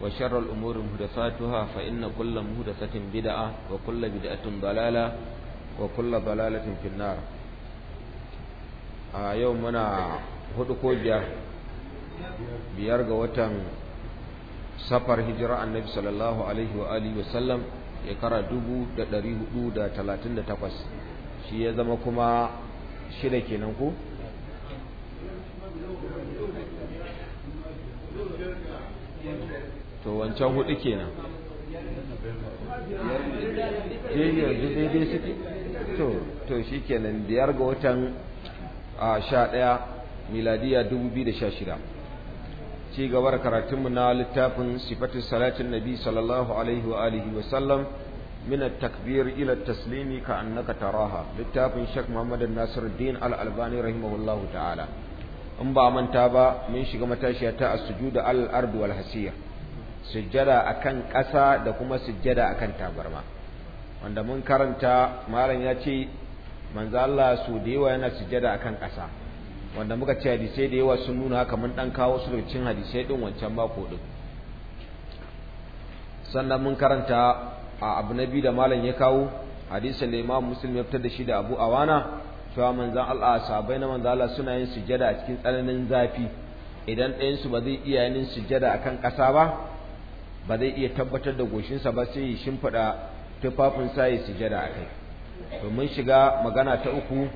wa sharral umuri muhdatsatuha fa inna kulla muhdatsatin bid'a wa kulla bid'atin dalala wa kulla dalalatin fin nar a yau muna hudu ko biyar biyar ga watan safar hijira annabi sallallahu alaihi wa alihi wa sallam ya kara dubu da ɗari hudu da talatin da takwas shi ya zama kuma shida kenan ko to wancan huɗu kenan ke yanzu daidai suke to to shikenan biyar ga watan a ɗaya miladiya dubu biyu da sha shida ci gabar karatunmu na littafin sifatun salatin nabi sallallahu alaihi wa wa sallam min at-takbir ila taslimi ka annaka taraha littafin shek muhammad nasiruddin al-albani rahimahullahu ta'ala in ba manta ba mun shiga matashiya ta as-sujud al-ard sujjada akan ƙasa da kuma sujjada akan tabarma wanda mun karanta malam ya ce manzo Allah su da yawa yana sujjada akan ƙasa wanda muka ce hadisai da yawa sun nuna haka mun dan kawo su daga cikin hadisai din wancan mako din sannan mun karanta a abu na biyu da malam ya kawo hadisi da Imam Muslim ya fitar da shi da Abu Awana cewa manzan Allah sahabbai na manzo Allah suna yin sujjada a cikin tsananin zafi idan ɗayan ba zai iya yin sujjada akan ƙasa ba ba zai iya tabbatar da goshinsa ba sai ya shimfiɗa sa ya sujada a kai domin shiga magana ta uku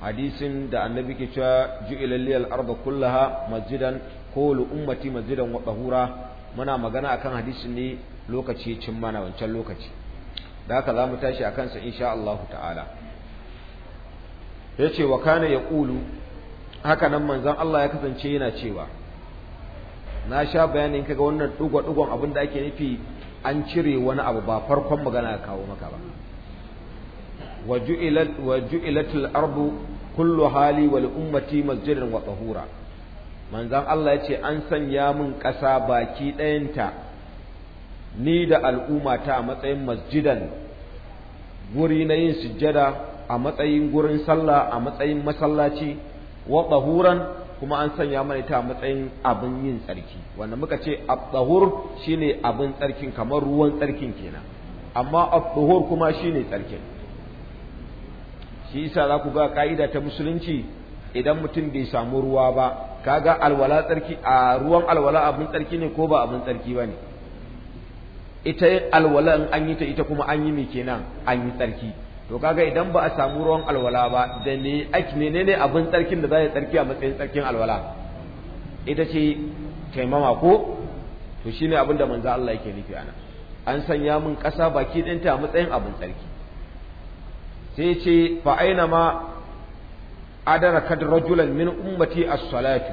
hadisin da annabi ke cewa ju'ila liyal arda kullaha masjidan kowal ummati masjidan wa tahura muna magana akan hadisin ne lokaci cin mana wancan lokaci da haka za mu tashi akan sa insha Allah ta'ala yace wa kana yaqulu haka nan manzon Allah ya kasance yana cewa na sha bayanin kaga wannan dugo-dugon abin da ake nufi an cire wani abu ba farkon magana ka kawo maka ba waju'ilatul ardu kullu hali wal ummati masjidan wa tahura manzon Allah yace an sanya mun kasa baki ɗayanta ni da al'umma ta a matsayin masjidan guri na yin sujjada a matsayin gurin sallah a matsayin masallaci wa tahuran kuma an sanya mana a matsayin abin yin tsarki wanda muka ce abdahur shine abin tsarkin kamar ruwan tsarkin kenan amma abdahur kuma shine tsarkin shi Isa za ku ga ka'ida ta musulunci idan mutum bai samu ruwa ba kaga alwala tsarki a ruwan alwala abin tsarki ne ko ba abin tsarki ba ne? ita alwala in an yi ta ita kuma an yi mai kenan an yi tsarki to kaga idan ba a samu ruwan alwala ba da ne, ake menene abin tsarkin da za ya tsarki a matsayin tsarkin alwala ita ce taimama ko to shine abin da manzo Allah yake nufi ana an sanya min ƙasa baki ɗinta a matsayin abin tsarki sai ce fa aina ma adara kad rajulan min ummati as-salatu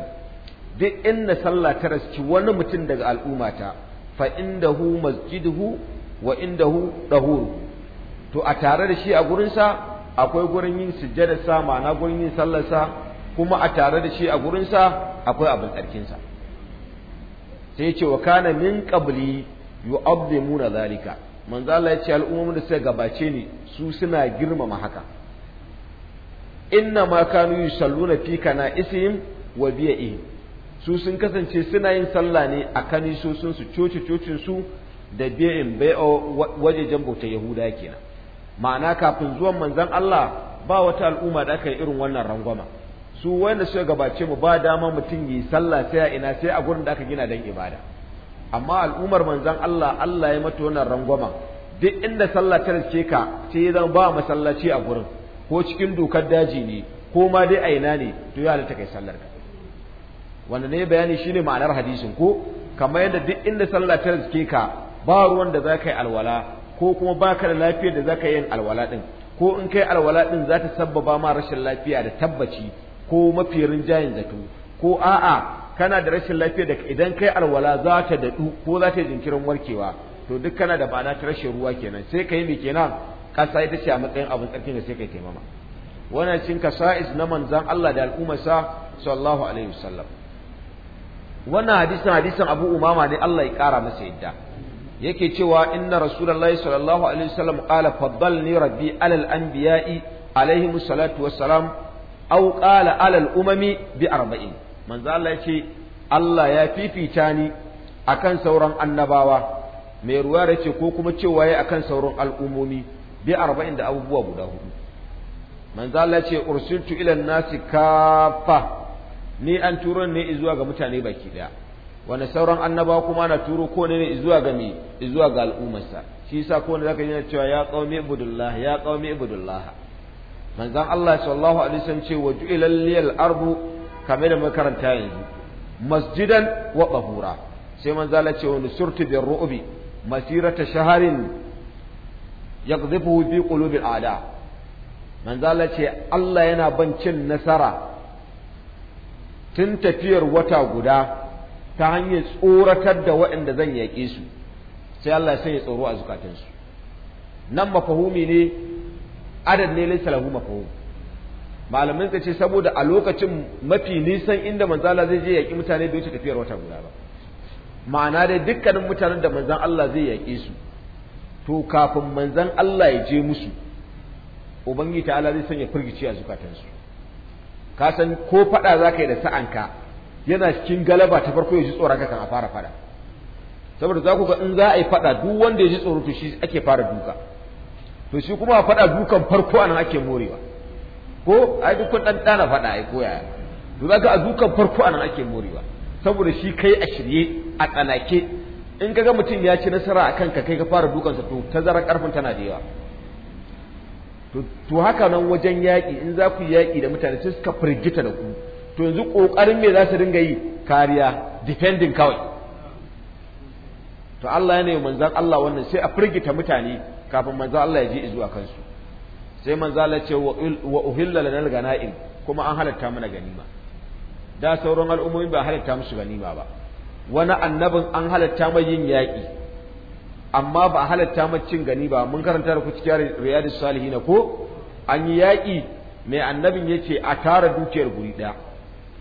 duk inna sallah ta raski wani mutum daga al'ummata fa indahu masjiduhu wa indahu dahuru to a tare da shi a gurinsa akwai gurin yin sujjadarsa ma'ana gurin yin sallarsa kuma a tare da shi a gurinsa akwai abin tsarkinsa sai ce wa kana min qabli na zalika manzo Allah ya ce da suka gabace ni su suna girmama haka inna ma kanu yusalluna fi kana isim wa bi'ihim su sun kasance suna yin sallah ne a kanisosin su coci cocin su da bi'in bai'o wajejen bautar yahuda kenan ma'ana kafin zuwan manzon Allah ba wata al'umma da aka yi irin wannan rangwama su wanda suka gabace mu ba dama mutum yi sallah sai a ina sai a gurin da aka gina dan ibada amma al'ummar manzon Allah Allah ya mata wannan rangwama duk inda sallah ta rike ka sai ya zama ba masallaci a gurin ko cikin dokar daji ne ko ma dai a ina ne to ya halatta kai sallar ka wanda ne bayani shine ma'anar hadisin ko kamar yadda duk inda sallah ta rike ka ba ruwan da za ka yi alwala ko kuma baka da lafiyar da zaka yin alwala din ko in kai alwala din za ta sabbaba ma rashin lafiya da tabbaci ko mafi rinjayen zato ko a'a kana da rashin lafiya da idan kai alwala za ta dadu ko za ta jinkirin warkewa to duk kana da bana ta rashin ruwa kenan sai kai me kenan kasa ita ce a matsayin abin tsarkin da sai kai taimama wannan cin kasa'is na Manzan Allah da al'ummarsa sallallahu alaihi wasallam wannan hadisin hadisin Abu Umama ne Allah ya kara masa yadda yake cewa inna rasulullahi sallallahu alaihi wasallam qala faddalni rabbi alal anbiya'i alaihi salatu wassalam aw qala alal umami bi arba'in manzo Allah yace Allah ya fifita ni akan sauran annabawa mai ruwa yace ko kuma cewa yayi akan sauran al'umomi bi arba'in da abubuwa guda hudu manzo Allah yace ursiltu ila nasi kafa ni an turo ne zuwa ga mutane baki daya wanda sauran annaba kuma na turo ko ne zuwa ga zuwa ga al'ummarsa shi yasa ko ne zaka yi cewa ya qaumi ibudullah ya qaumi ibudullah manzon Allah sallallahu alaihi wasallam ce wa ju'ilal lil ardu kame da makaranta yanzu masjidan wa tahura sai manzon Allah ce wa surtu bir ru'bi masirata shaharin yaqdhibu bi qulubil a'da manzon Allah ce Allah yana bancin nasara tun tafiyar wata guda ta hanyar tsoratar da waɗanda zan yaƙe su sai Allah sai ya tsoro a zukatansu nan mafahumi ne adad ne laysa lahu mafahum malamin ka ce saboda a lokacin mafi nisan inda manzala zai je yaƙi mutane bai wuce tafiyar wata guda ba ma'ana dai dukkanin mutanen da manzan Allah zai yaƙe su to kafin manzan Allah ya je musu ubangiji ta'ala zai sanya firgici a zukatansu ka san ko faɗa zaka yi da sa'anka yana cikin galaba ta farko ya ji tsoron kakan a fara fada saboda za ku ga in za a yi fada duk wanda ya ji tsoro to shi ake fara duka to shi kuma a fada dukan farko anan ake morewa ko ai duk kun dan dana fada ai ko yaya to za ka a dukan farko anan ake morewa saboda shi kai a shirye a tsanake in kaga mutum ya ci nasara a kanka kai ka fara dukansa to tazarar karfin tana da yawa to haka nan wajen yaƙi in za ku yaƙi da mutane sai suka firgita da ku to yanzu ƙoƙarin me za su ringa yi kariya defending kawai to Allah yana yi manzan Allah wannan sai a firgita mutane kafin manzan Allah ya je zuwa kansu sai manzan Allah ce wa uhilla lana gana'in kuma an halatta mana ganima da sauran al'ummomi ba halatta musu ganima ba wani annabin an halatta mai yin yaƙi amma ba halatta mai cin gani ba mun karanta da ku cikin riyadus salihin ko an yi yaƙi mai annabin yace a tara dukiyar guri ɗaya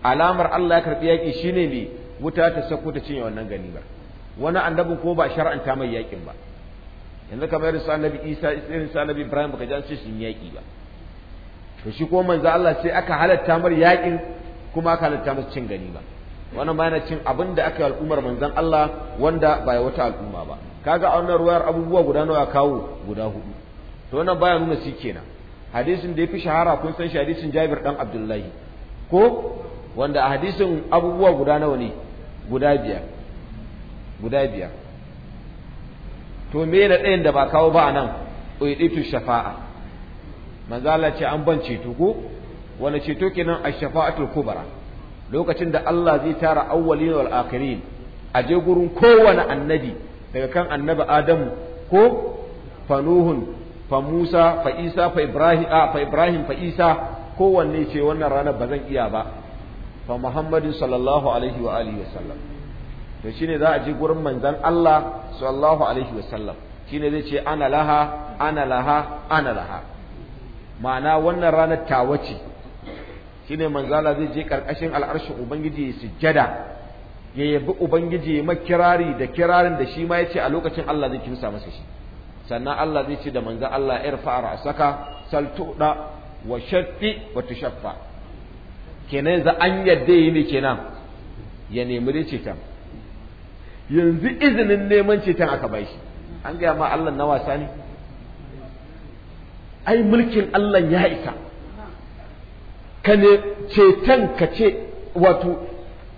alamar Allah ya karɓi yaƙi shi ne wuta ta sako ta cinye wannan ganimar wani annabin ko ba shar'anta mai yaƙin ba yanzu kamar irin su annabi Isa irin su annabi Ibrahim baka ji sun yaƙi ba to shi ko manzo Allah sai aka halatta mar yaƙin kuma aka halatta masa cin ganima wannan ma yana cin abin da aka yi al'ummar manzon Allah wanda ba ya wata al'umma ba kaga a wannan ruwayar abubuwa guda nawa kawo guda hudu to wannan baya nuna shi kenan hadisin da ya fi shahara kun san shi hadisin Jabir dan Abdullahi ko wanda a hadisin abubuwa guda nawa ne guda biyar guda biyar to me na ɗayan da ba kawo ba nan uiditu shafa'a manzala ce an ban ceto ko wani ceto kenan ash-shafa'atul kubra lokacin da Allah zai tara awwalin wal akhirin a je gurin kowane annabi daga kan annabi Adamu ko fanuhun fa Musa fa Isa fa Ibrahim fa Ibrahim fa Isa kowanne ce wannan ranar ba zan iya ba fa Muhammadin sallallahu alaihi wa alihi wasallam to shine za a je gurin manzon Allah sallallahu alaihi wasallam shine zai ce ana laha ana laha ana laha ma'ana wannan ranar tawa ce shine manzala zai je karkashin al'arshin ubangiji ya sujjada ya yabi ubangiji ya makirari da kirarin da shi ma ya ce a lokacin Allah zai kimsa masa shi sannan Allah zai ce da manzon Allah irfa ra'saka saltuda wa shaffi wa tushaffa kenan yanzu an yadda yi ne kenan ya nemi dai ceton yanzu izinin neman ceton aka bai shi an gaya ma Allah na wasa ne ai mulkin Allah ya isa ka ne ceton ka ce wato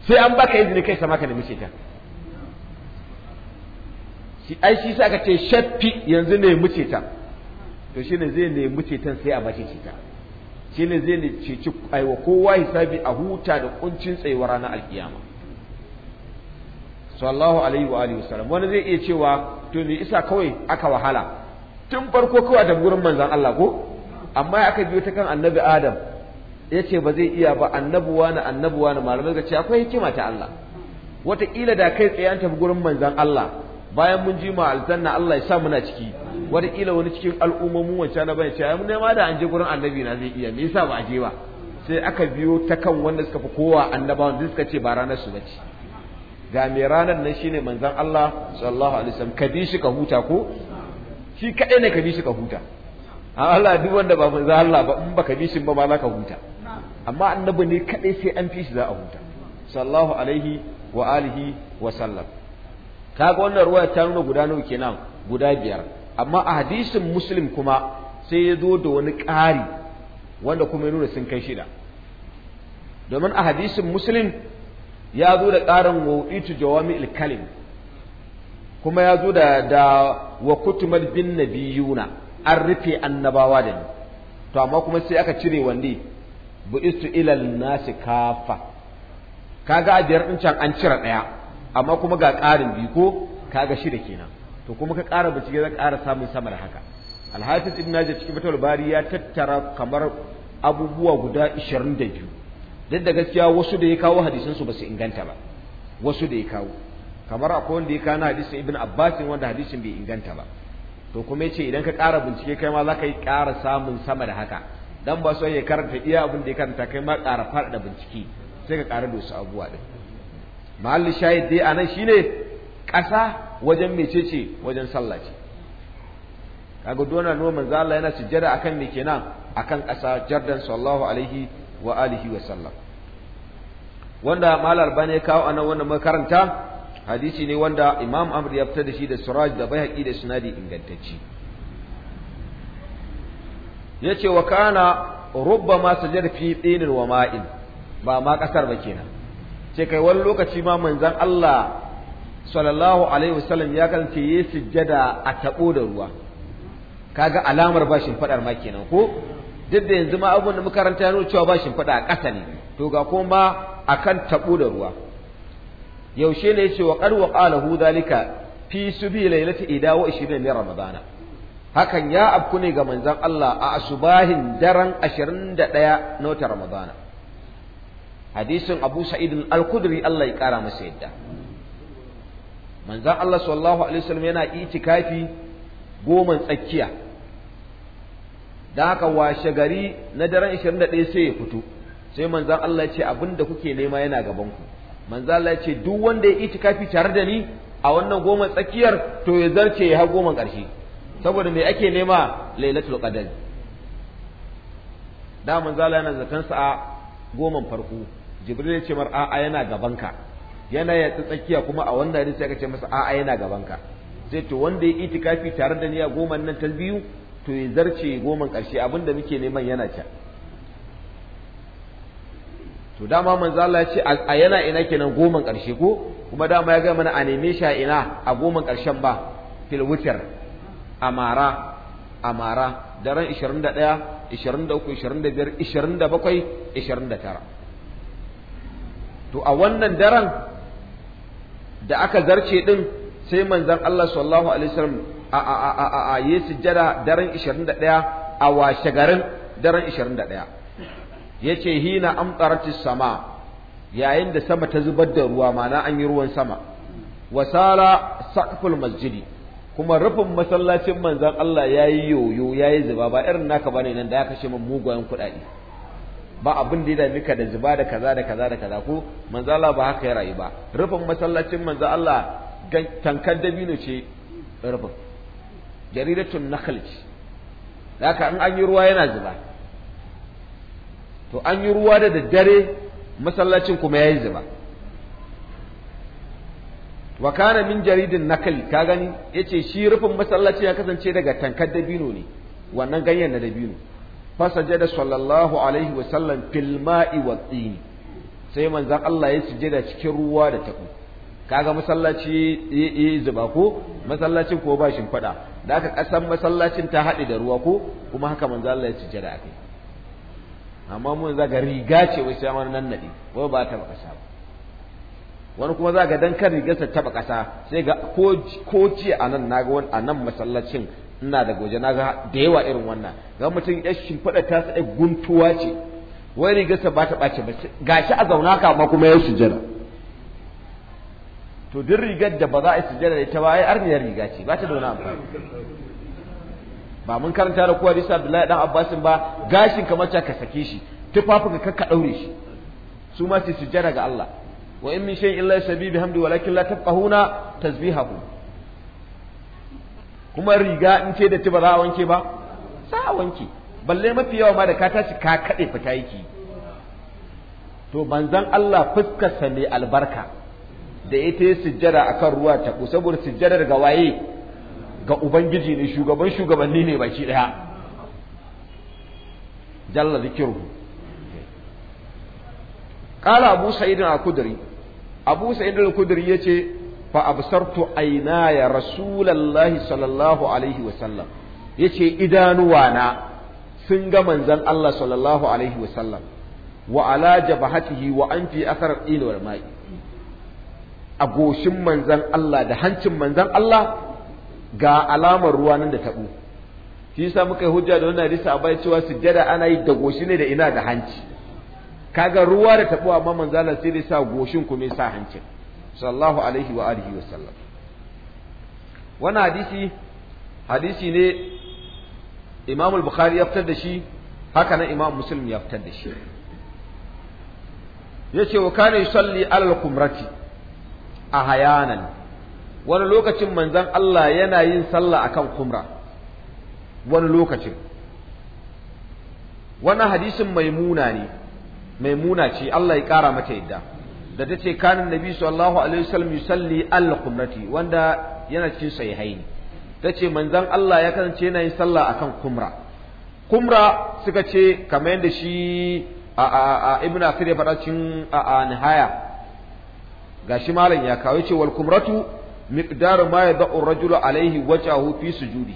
sai an baka izini kai sama ka nemi ceton shi ai shi sa ka ce shaffi yanzu ne mu ceton to ne zai nemi ceton sai a bashi ceton shi ne zai ceci aiwa kowa hisabi a huta da kuncin tsayuwa ranar alkiyama sallallahu alaihi wa alihi wasallam wani zai iya cewa to ne isa kawai aka wahala tun farko kawai da gurin manzon Allah ko amma ya aka biyo ta kan annabi Adam ya ce ba zai iya ba annabuwa na annabuwa na malamai ga ce akwai hikima ta Allah wataƙila da kai tsayanta tafi gurin manzon Allah bayan mun ji ma'alzan na Allah ya sa muna ciki ila wani cikin al'ummomin wancan na bane cewa mun da an je gurin annabi na zai iya me yasa ba a je ba sai aka biyo ta kan wanda suka fi kowa annabawan da suka ce ba ranar su bace ga me ranar nan shine manzon Allah sallallahu alaihi wasallam ka bi shi ka huta ko shi kadai ne ka bi shi ka huta A Allah duk wanda ba manzon Allah ba in baka bi shi ba ma za ka huta amma annabi ne kadai sai an fi shi za a huta sallallahu alaihi wa alihi wa sallam kaga wannan ruwa ta nuna guda nawa kenan guda biyar amma a hadisin muslim kuma sai ya zo da wani ƙari wanda kuma ya nuna sun kai shida domin a hadisin muslim ya zo da ƙarin wa'itu jawami ilkalim kuma ya zo da da wa kutumar bin na an rufe annabawa da ni to amma kuma sai aka cire wanne bu'istu ilal nasi kafa kaga a biyar ɗin can an cire ɗaya amma kuma ga ƙarin biyu ko kaga shida kenan to kuma ka ƙara bincike zan ƙara samun sama da haka alhafiz ibn najah cikin fatul bari ya tattara kamar abubuwa guda 22 duk da gaskiya wasu da ya kawo hadisin su su inganta ba wasu da ya kawo kamar akwai wanda ya kawo hadisin ibn abbas wanda hadisin bai inganta ba to kuma yace idan ka ƙara bincike kai ma zaka yi ƙara samun sama da haka dan ba so ya karanta iya abin da ya karanta kai ma ƙara faɗa bincike sai ka ƙara dosa abubuwa din mahallin shahid dai anan shine ƙasa wajen mecece wajen sallaci ce kaga dona noman manzo Allah yana sujjada akan me kenan akan ƙasa jardan sallallahu alaihi wa alihi wa sallam wanda malar bane ya kawo anan wannan makaranta hadisi ne wanda imam amr ya fitar da shi da suraj da baihaqi da sunadi ingantacci yace wa kana rubbama masu fi tsinin wa ma'in ba ma kasar ba kenan ce kai wani lokaci ma manzon Allah sallallahu alaihi wasallam ya kance yi sujjada a tabo da ruwa kaga alamar bashin fadar ma kenan ko duk da yanzu ma abun da muka ya nuna cewa bashin fada a ƙasa ne to ga ko ma akan tabo da ruwa yaushe ne yace wa qad wa qala hu zalika fi subi lailati ida wa 20 min ramadana hakan ya abku ne ga manzon Allah a asubahin daren 21 na watan ramadana hadisin abu sa'id al kuduri Allah ya kara masa yadda manzan Allah sallallahu alaihi wasallam yana itikafi goman tsakiya da haka washe gari na daren 21 sai ya fito sai manzan Allah ya ce abinda kuke nema yana gaban ku Allah ya ce duk wanda ya itikafi tare da ni a wannan goman tsakiyar to ya zarce ya har goman ƙarshe saboda me ake nema lailatul qadar da manzan Allah yana zakan sa a goman farko jibril ya ce mar a'a yana gaban ka yana ya tsakiya kuma a wannan hadisi aka ce masa a'a yana gaban ka sai to wanda ya itikafi tare da niyya goma nan ta biyu to ya zarce goman karshe abinda muke neman yana ta, to dama manzo Allah ya ce a yana ina kenan goman karshe ko kuma dama ya ga mana a neme shi a ina a goman karshen ba fil wutar amara amara daren 21 23 25 27 29 to a wannan daren da aka zarce din sai manzon Allah sallallahu alaihi wasallam a a a a a yi sujjada daren 21 a washe garin daren 21 yace hina amtaratis sama yayin da sama ta zubar da ruwa mana an yi ruwan sama wasala saqful masjidi kuma rufin masallacin manzon Allah yayi yoyo yayi zuba ba irin naka bane nan da ya kashe mun mugayen kuɗaɗe ba abin da ya dami ka da zuba da kaza da kaza da kaza ko manzo Allah ba haka ya rayu ba rufin masallacin manzo Allah tankan dabino ce rufin jaridatun nakhl ce haka in an yi ruwa yana zuba to an yi ruwa da daddare masallacin kuma yayi zuba wa kana min jaridin nakal ka gani yace shi rufin masallaci ya kasance daga tankar dabino ne wannan ganyen na dabino fasajada sallallahu alaihi wa sallam fil ma'i wa tsini sai manzon Allah ya sujada cikin ruwa da taɓo kaga masallaci yi zuba ko masallacin ko bashin fada da aka kasan masallacin ta haɗe da ruwa ko kuma haka manzon Allah ya sujada akai amma mun zaga riga ce wai sai wani nan nade ko ba ta kasa ba wani kuma zaga dan kan rigarsa ta kasa sai ga ko ko ce anan naga wani masallacin ina da goje na ga da yawa irin wannan ga mutum ya shimfiɗa ta sa guntuwa ce wai rigarsa ba ta ɓace ba gashi a zauna ka ma kuma ya sujjada to duk rigar da ba za a yi sujjada da ita ba ai arniyar riga ce ba ta da wani amfani ba mun karanta da kowa bisa Abdullahi dan Abbasin ba gashin kamar ta ka sake shi tufafin ka ka daure shi su ma su sujjada ga Allah wa in min shay'in illa sabibi hamdi walakin la tafqahuna tasbihahu kuma riga in ce da ci ba za a wanke ba za a wanke balle mafi yawa ma da ka tashi ka kaɗe fita yake to manzon Allah fuskarsa mai albarka da ita yi sujjada kan ruwa ta ku saboda sujjadar ga waye ga ubangiji ne shugaban shugabanni ne baki ɗaya jalla zikiru قال أبو سعيد الخدري أبو سعيد الخدري يتي fa absartu aynaya rasulullahi sallallahu alaihi wasallam yace idanuwana sun ga manzon Allah sallallahu alaihi wasallam wa ala jabhatihi wa anfi athar al wal ma'i a goshin manzon Allah da hancin manzon Allah ga alamar ruwa nan da tabo shi yasa muka yi hujja da wannan hadisi a bai cewa sujjada ana yi da goshi ne da ina da hanci kaga ruwa da tabo amma manzon Allah sai dai sa goshin kuma sa hancin sallallahu alaihi wa alihi wa sallam wannan hadisi hadisi ne Imam al-Bukhari ya fitar da shi haka nan Imam Muslim ya fitar da shi yace wa kana yusalli ala al-kumrati ahayanan wani lokacin manzon Allah yana yin sallah akan kumra wani lokacin wannan hadisin maimuna ne maimuna ce Allah ya kara mata yadda da ta ce kanin nabi sallallahu alaihi wasallam yusalli al-qumrati wanda yana cikin sahihaini ta ce manzon Allah ya kasance yana yin sallah akan kumra kumra suka ce kamar yadda shi a a a ibnu a a nihaya gashi malam ya kawo ce wal kumratu miqdaru ma yad'u rajulu alaihi wajahu fi juri.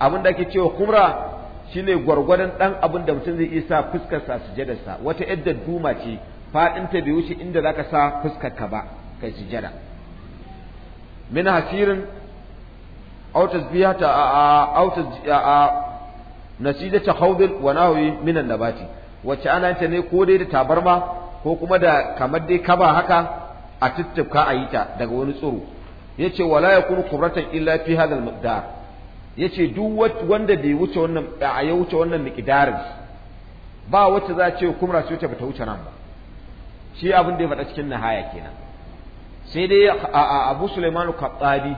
abin da ake cewa kumra shine gwargwadon dan abin da mutum zai iya sa fuskar sa sujadarsa wata yadda duma ce faɗinta bai wuce inda za ka sa fuskarka ba kai sujada min hasirin autas biya ta a autas a nasija ta haudul wa nahwi minan nabati wacce ana ta ne ko dai da tabarma ko kuma da kamar dai kaba haka a tuttuka a yi ta daga wani tsoro yace wala yakunu kubratan illa fi hadal miqdar yace duk wanda bai wuce wannan a ya wuce wannan miqdarin ba wacce za a ce kumra ce ta bata wuce nan ba shi abin da ya faɗa cikin nahaya kenan sai dai a abu sulaimanu katsari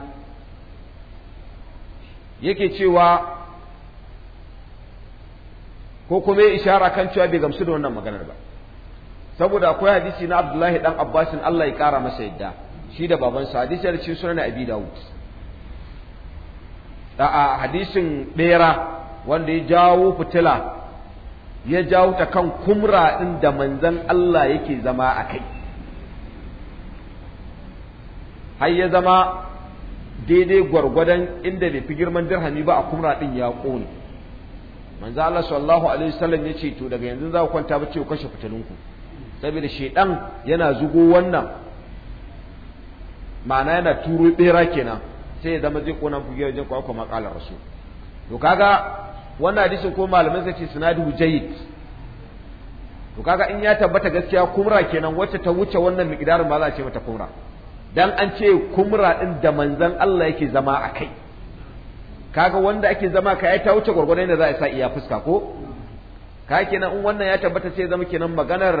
yake cewa ko kuma ya ishara kan cewa bai gamsu da wannan maganar ba saboda akwai hadisi na abdullahi dan abbasin allah ya ƙara masa yadda shi da babansa hadisi da cikin sunan abi dawud a hadisin ɓera wanda ya jawo fitila ya jawo ta kan kumra ɗin da manzan Allah yake zama a kai har ya zama daidai gwargwadon inda bai fi girman dirhami ba a kumra ɗin ya ƙone manzan Allah sallallahu alaihi wasallam ya ce to daga yanzu za ku kwanta ba ce ku kashe ku. saboda shaidan yana zugo wannan ma'ana yana turo ɓera kenan sai ya zama zai ƙona ku wajen ku aka maƙalar to kaga wannan hadisin ko malamin suka ce sanadu jayyid to kaga in ya tabbata gaskiya kumra kenan wacce ta wuce wannan miqdarin ba za a ce mata kumra dan an ce kumra din da manzon Allah yake zama a kai kaga wanda ake zama kai ta wuce gurgurdan da za a sa iya fuska ko ka kenan in wannan ya tabbata sai zama kenan maganar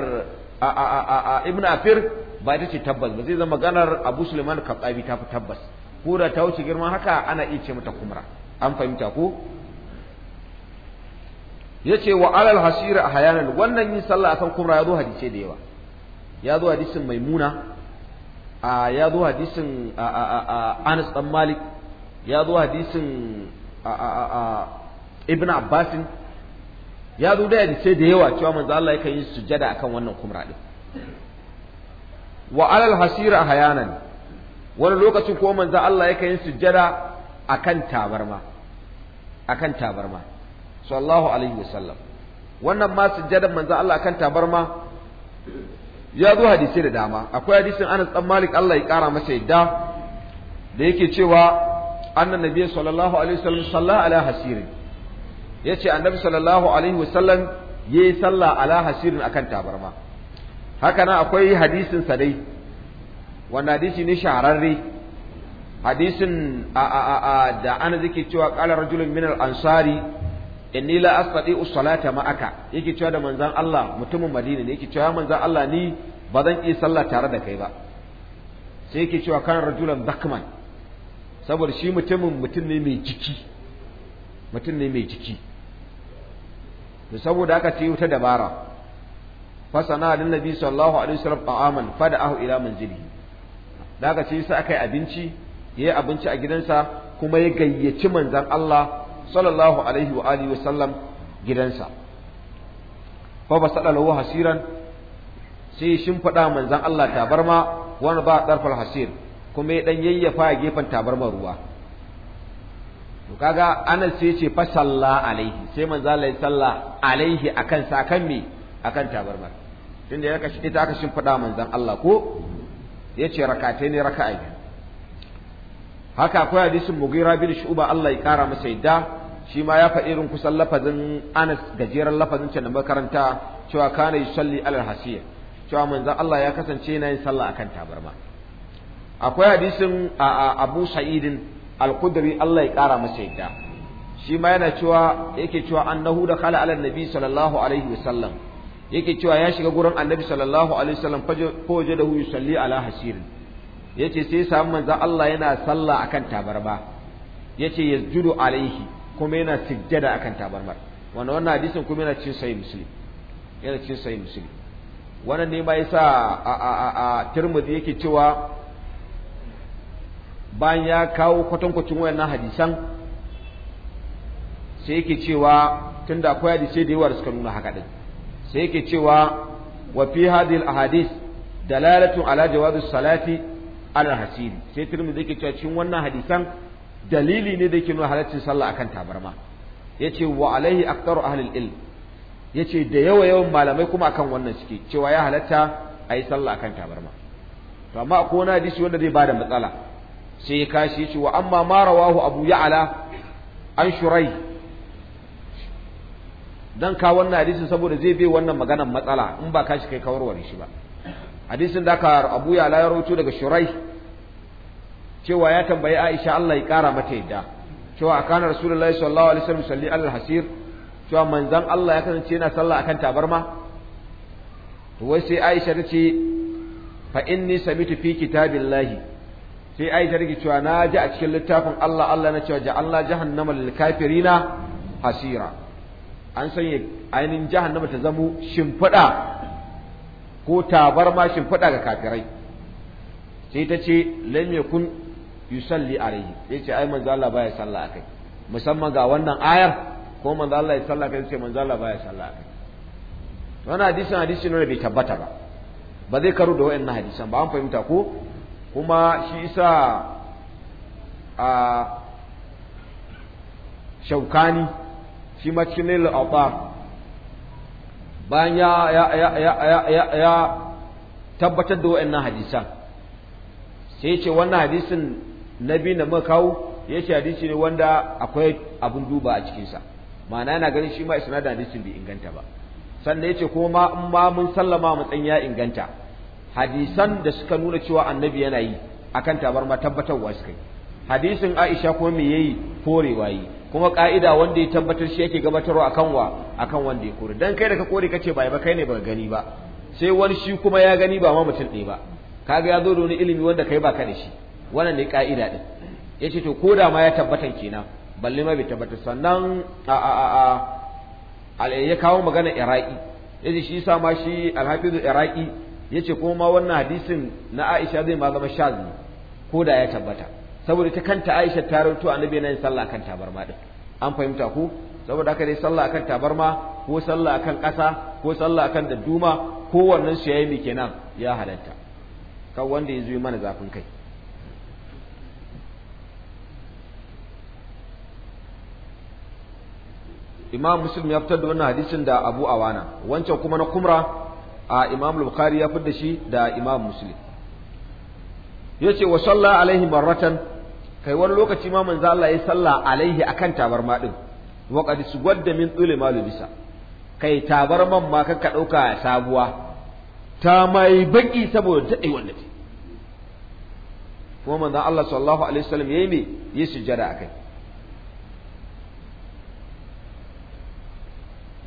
a a a a ibnu afir ba ita ce tabbas ba zai zama maganar abu suleiman kabdabi ta fi tabbas ko da ta wuce girman haka ana iya ce mata kumra an fahimta ko yace wa alal hasira ahyanan wannan yin sallah akan kumra ya zo hadisi da yawa ya zo hadisin maimuna a ya zo hadisin Anas dan Malik ya zo hadisin Ibn Abbasin ya zo da hadisi da yawa cewa manzo Allah yakan yi sujada akan wannan kumra din wa alal hasira ahyanan wani lokacin kuma manzo Allah yakan yi sujada akan tabarma akan tabarma sallallahu alaihi wasallam wannan ma sujjadan manzo Allah kan tabarma ya zo hadisi da dama akwai hadisin Anas dan Malik Allah ya kara masa yadda da yake cewa annan nabiy sallallahu alaihi wasallam salla ala hasirin yace annabi sallallahu alaihi wasallam yayi salla ala hasirin akan tabarma haka nan akwai hadisin sa dai wannan hadisi ne shahararre hadisin a a a da ana zike cewa qala rajulun min al-ansari inni la asfadi usalata ma'aka yake cewa da manzon Allah mutumin Madina ne yake cewa manzon Allah ni ba zan iya sallah tare da kai ba sai yake cewa kan rajulan zakman saboda shi mutumin mutum ne mai jiki mutum ne mai jiki to saboda haka ce wata dabara sana lin nabi sallallahu alaihi wasallam ta'aman fada'ahu ila manzilihi da haka sai sai akai abinci yayi abinci a gidansa kuma ya gayyaci manzon Allah sallallahu alaihi wa alihi wasallam gidansa fa ba sallallahu hasiran sai shimfiɗa manzan Allah tabarma wani ba ɗarfar hasir kuma ya ɗan yayyafa a gefen tabarmar ruwa to kaga anas sai ce fa salla alaihi sai manzan Allah ya salla alaihi akan sa kan me akan tabarmar tunda ya kashi ita aka shimfiɗa manzan Allah ko ya ce rakatai ne raka'a haka akwai hadisin mugira bin shu'ba Allah ya kara masa yadda shi ma ya faɗi irin kusan lafazin Anas gajeren lafazin can da makaranta cewa kana yusalli alal hasiya cewa manzon Allah ya kasance yana yin sallah akan tabarma akwai hadisin a Abu Sa'id al-Khudri Allah ya kara masa yadda shi ma yana cewa yake cewa annahu da khala alal nabi sallallahu alaihi wasallam yake cewa ya shiga gurin annabi sallallahu alaihi wasallam da wajadahu salli ala hasirin yace sai samu manzon Allah yana sallah akan tabarma yace yasjudu alaihi kuma yana sujjada akan tabarmar wanda wannan hadisin kuma yana cin sahih musulmi yana cin sahih musulmi wannan ne ma yasa a a a, a Tirmidhi yake cewa bayan ya kawo kwatankwacin wayannan hadisan sai yake cewa tunda akwai hadisai da yawa da suka nuna haka din sai yake cewa wa fi hadhihi al-ahadith dalalatun ala jawazi salati ala hasiri sai Tirmidhi yake cewa cin wannan hadisan dalili ne da yake nuna halaccin sallah akan tabarma yace wa alaihi aktaru ahlul ilm yace da yawa yawan malamai kuma akan wannan suke cewa ya halatta ayi sallah akan tabarma to amma akwai wani hadisi wanda zai bada matsala sai ya kashi yace wa amma ma rawahu abu ya'la an shurai dan ka wannan hadisin saboda zai bai wannan maganar matsala in ba kashi kai kawarware shi ba hadisin da ka abu ya'la ya rawaito daga shurai cewa ya tambayi Aisha Allah ya kara mata yadda cewa akan Rasulullahi sallallahu alaihi wasallam salli al hasir cewa manzon Allah ya kasance yana sallah akan tabarma to wai sai Aisha ta ce fa inni sabitu fi kitabillahi sai Aisha ta cewa na ji a cikin littafin Allah Allah na cewa ja'alna jahannama lil kafirina hasira an sanya ainihin jahannama ta zamo shimfiɗa ko tabarma shimfiɗa ga kafirai sai ta ce lam yakun yusalli alaihi yace ai manzo Allah baya sallah akai musamman ga wannan ayar ko manzo Allah ya sallah kai yace manzo Allah baya sallah akai wannan hadisin hadisi ne bai tabbata ba ba zai karu da wayannan hadisan ba an fahimta ko kuma shi isa a shaukani shi ma cikin lil bayan ya ya tabbatar da wayannan hadisan sai ce wannan hadisin na biyu na kawo ya ce hadisi ne wanda akwai abun duba a cikinsa ma'ana yana ganin shi ma da hadisin bai inganta ba sannan ya ce ko ma in ma mun sallama matsayin ya inganta hadisan da suka nuna cewa annabi yana yi akan ma tabbatarwa suka yi hadisin Aisha ko me yayi korewa yi kuma ka'ida wanda ya tabbatar shi yake gabatarwa akan wa akan wanda ya kore dan kai da ka kore ka ce ba kai ne ba gani ba sai wani shi kuma ya gani ba ma mutum ɗaya ba kaga ya zo da wani ilimi wanda kai ba ka da shi wannan ne ka'ida din yace to ko da ma ya tabbatan kenan balle ma bai tabbata sannan a a a ya kawo magana iraki yace shi sa ma shi alhafizu iraki yace ko ma wannan hadisin na Aisha zai ma zama shazi ko da ya tabbata saboda ta kanta Aisha ta rawaito annabi nan yin sallah kan tabarma din an fahimta ko saboda haka dai sallah akan tabarma ko sallah akan ƙasa ko sallah akan dadduma ko wannan su yayi kenan ya halatta kan wanda ya zo mana zafin kai imam muslim ya fitar da wannan hadisin da abu awana wancan kuma na kumra a imam bukhari ya fitar da shi da imam muslim yace wa salla alaihi marratan kai wani lokaci ma manzo Allah ya salla alaihi akan tabarma din wa qad suwadda min tsuli malu bisa kai tabarman ma ka dauka sabuwa ta mai baki saboda ta wannan kuma manzo Allah sallallahu alaihi wasallam yayi me yi sujjada akai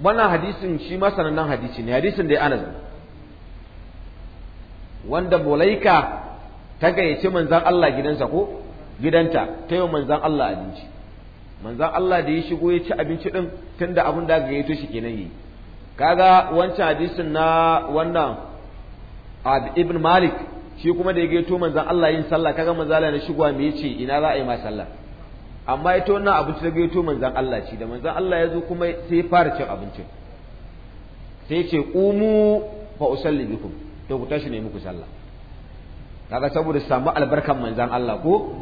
wannan hadisin shi masanan nan hadisi ne hadisin da ya anas wanda bulaika ta gayyaci manzan Allah gidansa ko gidanta ta yi manzan Allah abinci manzan Allah da ya shigo ya ci abinci din tunda abin da gayyato shi kenan yi kaga wancan hadisin na wannan ibn malik shi kuma da ya gayyato manzan Allah yin sallah kaga manzan Allah na shigowa me yace ina za a yi ma sallah amma ita wannan abinci ta gaito manzan Allah ce da manzan Allah ya zo kuma sai ya fara cin abincin sai ce umu fa usalli bikum to ku tashi ne muku sallah kaga saboda samu albarkan manzan Allah ko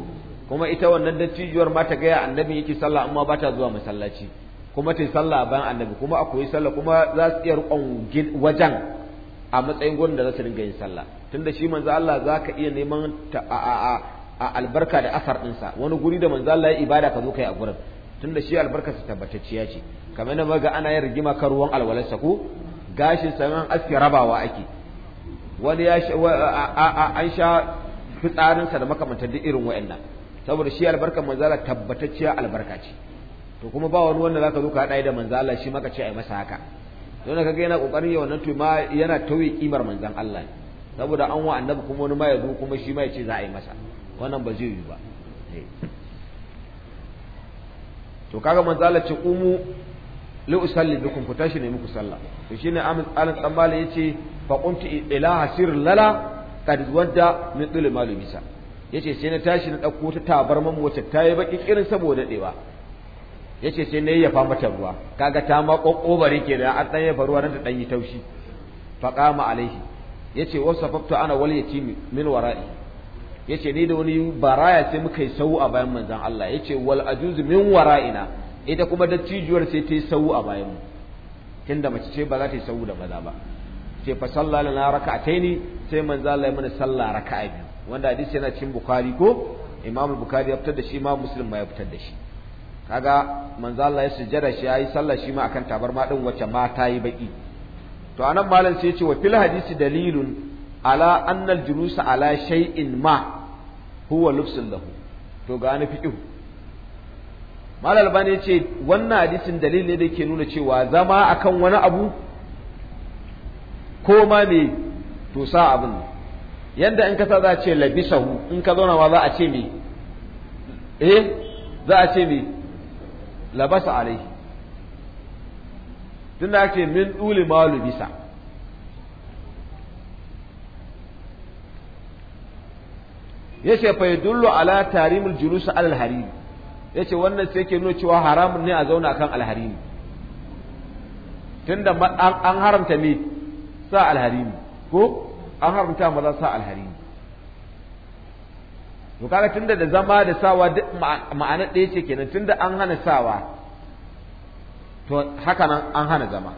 kuma ita wannan dattijuwar ma ta gaya annabi yake sallah amma ba ta zuwa masallaci kuma ta sallah a bayan annabi kuma a koyi sallah kuma za su iya rukon wajen a matsayin gurin da za su ringa yin sallah tunda shi manzo Allah zaka iya neman a a albarka da asar ɗinsa wani guri da manzo Allah ya ibada ka zo kai a gurin tunda shi albarkarsa tabbatacciya ce kamar na maga ana yin rigima kan ruwan alwalarsa ko gashin saman aske rabawa ake wani ya an sha fitsarin sa da makamantar duk irin wayannan saboda shi albarkar manzala tabbatacciya albarka ce to kuma ba wani wanda zaka zo ka da da manzala shi maka ce ai masa haka don kaga yana kokarin ya wannan to ma yana tauye kimar manzan Allah saboda an wa annabi kuma wani ma ya zo kuma shi ma ya ce za a yi masa wannan ba zai yi ba to kaga manzo Allah ce umu li usalli bikum ku tashi ne muku sallah to shine amin Alan Tsambala yace fa qumtu ila hasir lala kad wadda min dul malu bisa yace sai na tashi na dauko ta tabarman wacce ta yi baki kirin saboda dewa yace sai na yafa mata ruwa kaga ta ma ke kenan an dan yafa ruwa nan da dan yi taushi fa qama alaihi yace wasafaftu ana wal yatimi min wara'i yace ni da wani baraya sai muka yi sau a bayan manzon Allah yace wal ajuz min wara'ina ita kuma dattijuwar sai ta yi sau a bayan mu tunda mace ce ba za ta yi sau da maza ba ce fa salla lana raka'ataini sai manzon Allah ya mana sallah raka'a biyu wanda hadisi yana cikin bukhari ko imam bukhari ya fitar da shi imam muslim ma ya fitar da shi kaga manzon Allah ya sujjada shi yayi sallah shi ma akan tabarma din wacce mata yi baki to anan malam sai ya ce wa fil hadisi dalilun ala annal julusa ala shay'in ma huwa lufsun lahu to ga ni fiqh malal bani yace wannan hadisin dalil ne da yake nuna cewa zama akan wani abu ko ma me to sa abin yanda in ka sa za a ce labisahu in ka zauna ma za a ce me eh za a ce me labasa alaihi tunda ake min duli ma lubisa yace fa yadullu ala tarimul julus ala alharim yace wannan sai yake nuna cewa haramun ne a zauna akan alharim tunda an haramta ne sa alharim ko an haramta maza sa alharim to kaga tunda da zama da sawa duk ma'anar ɗaya ce kenan tunda an hana sawa to haka nan an hana zama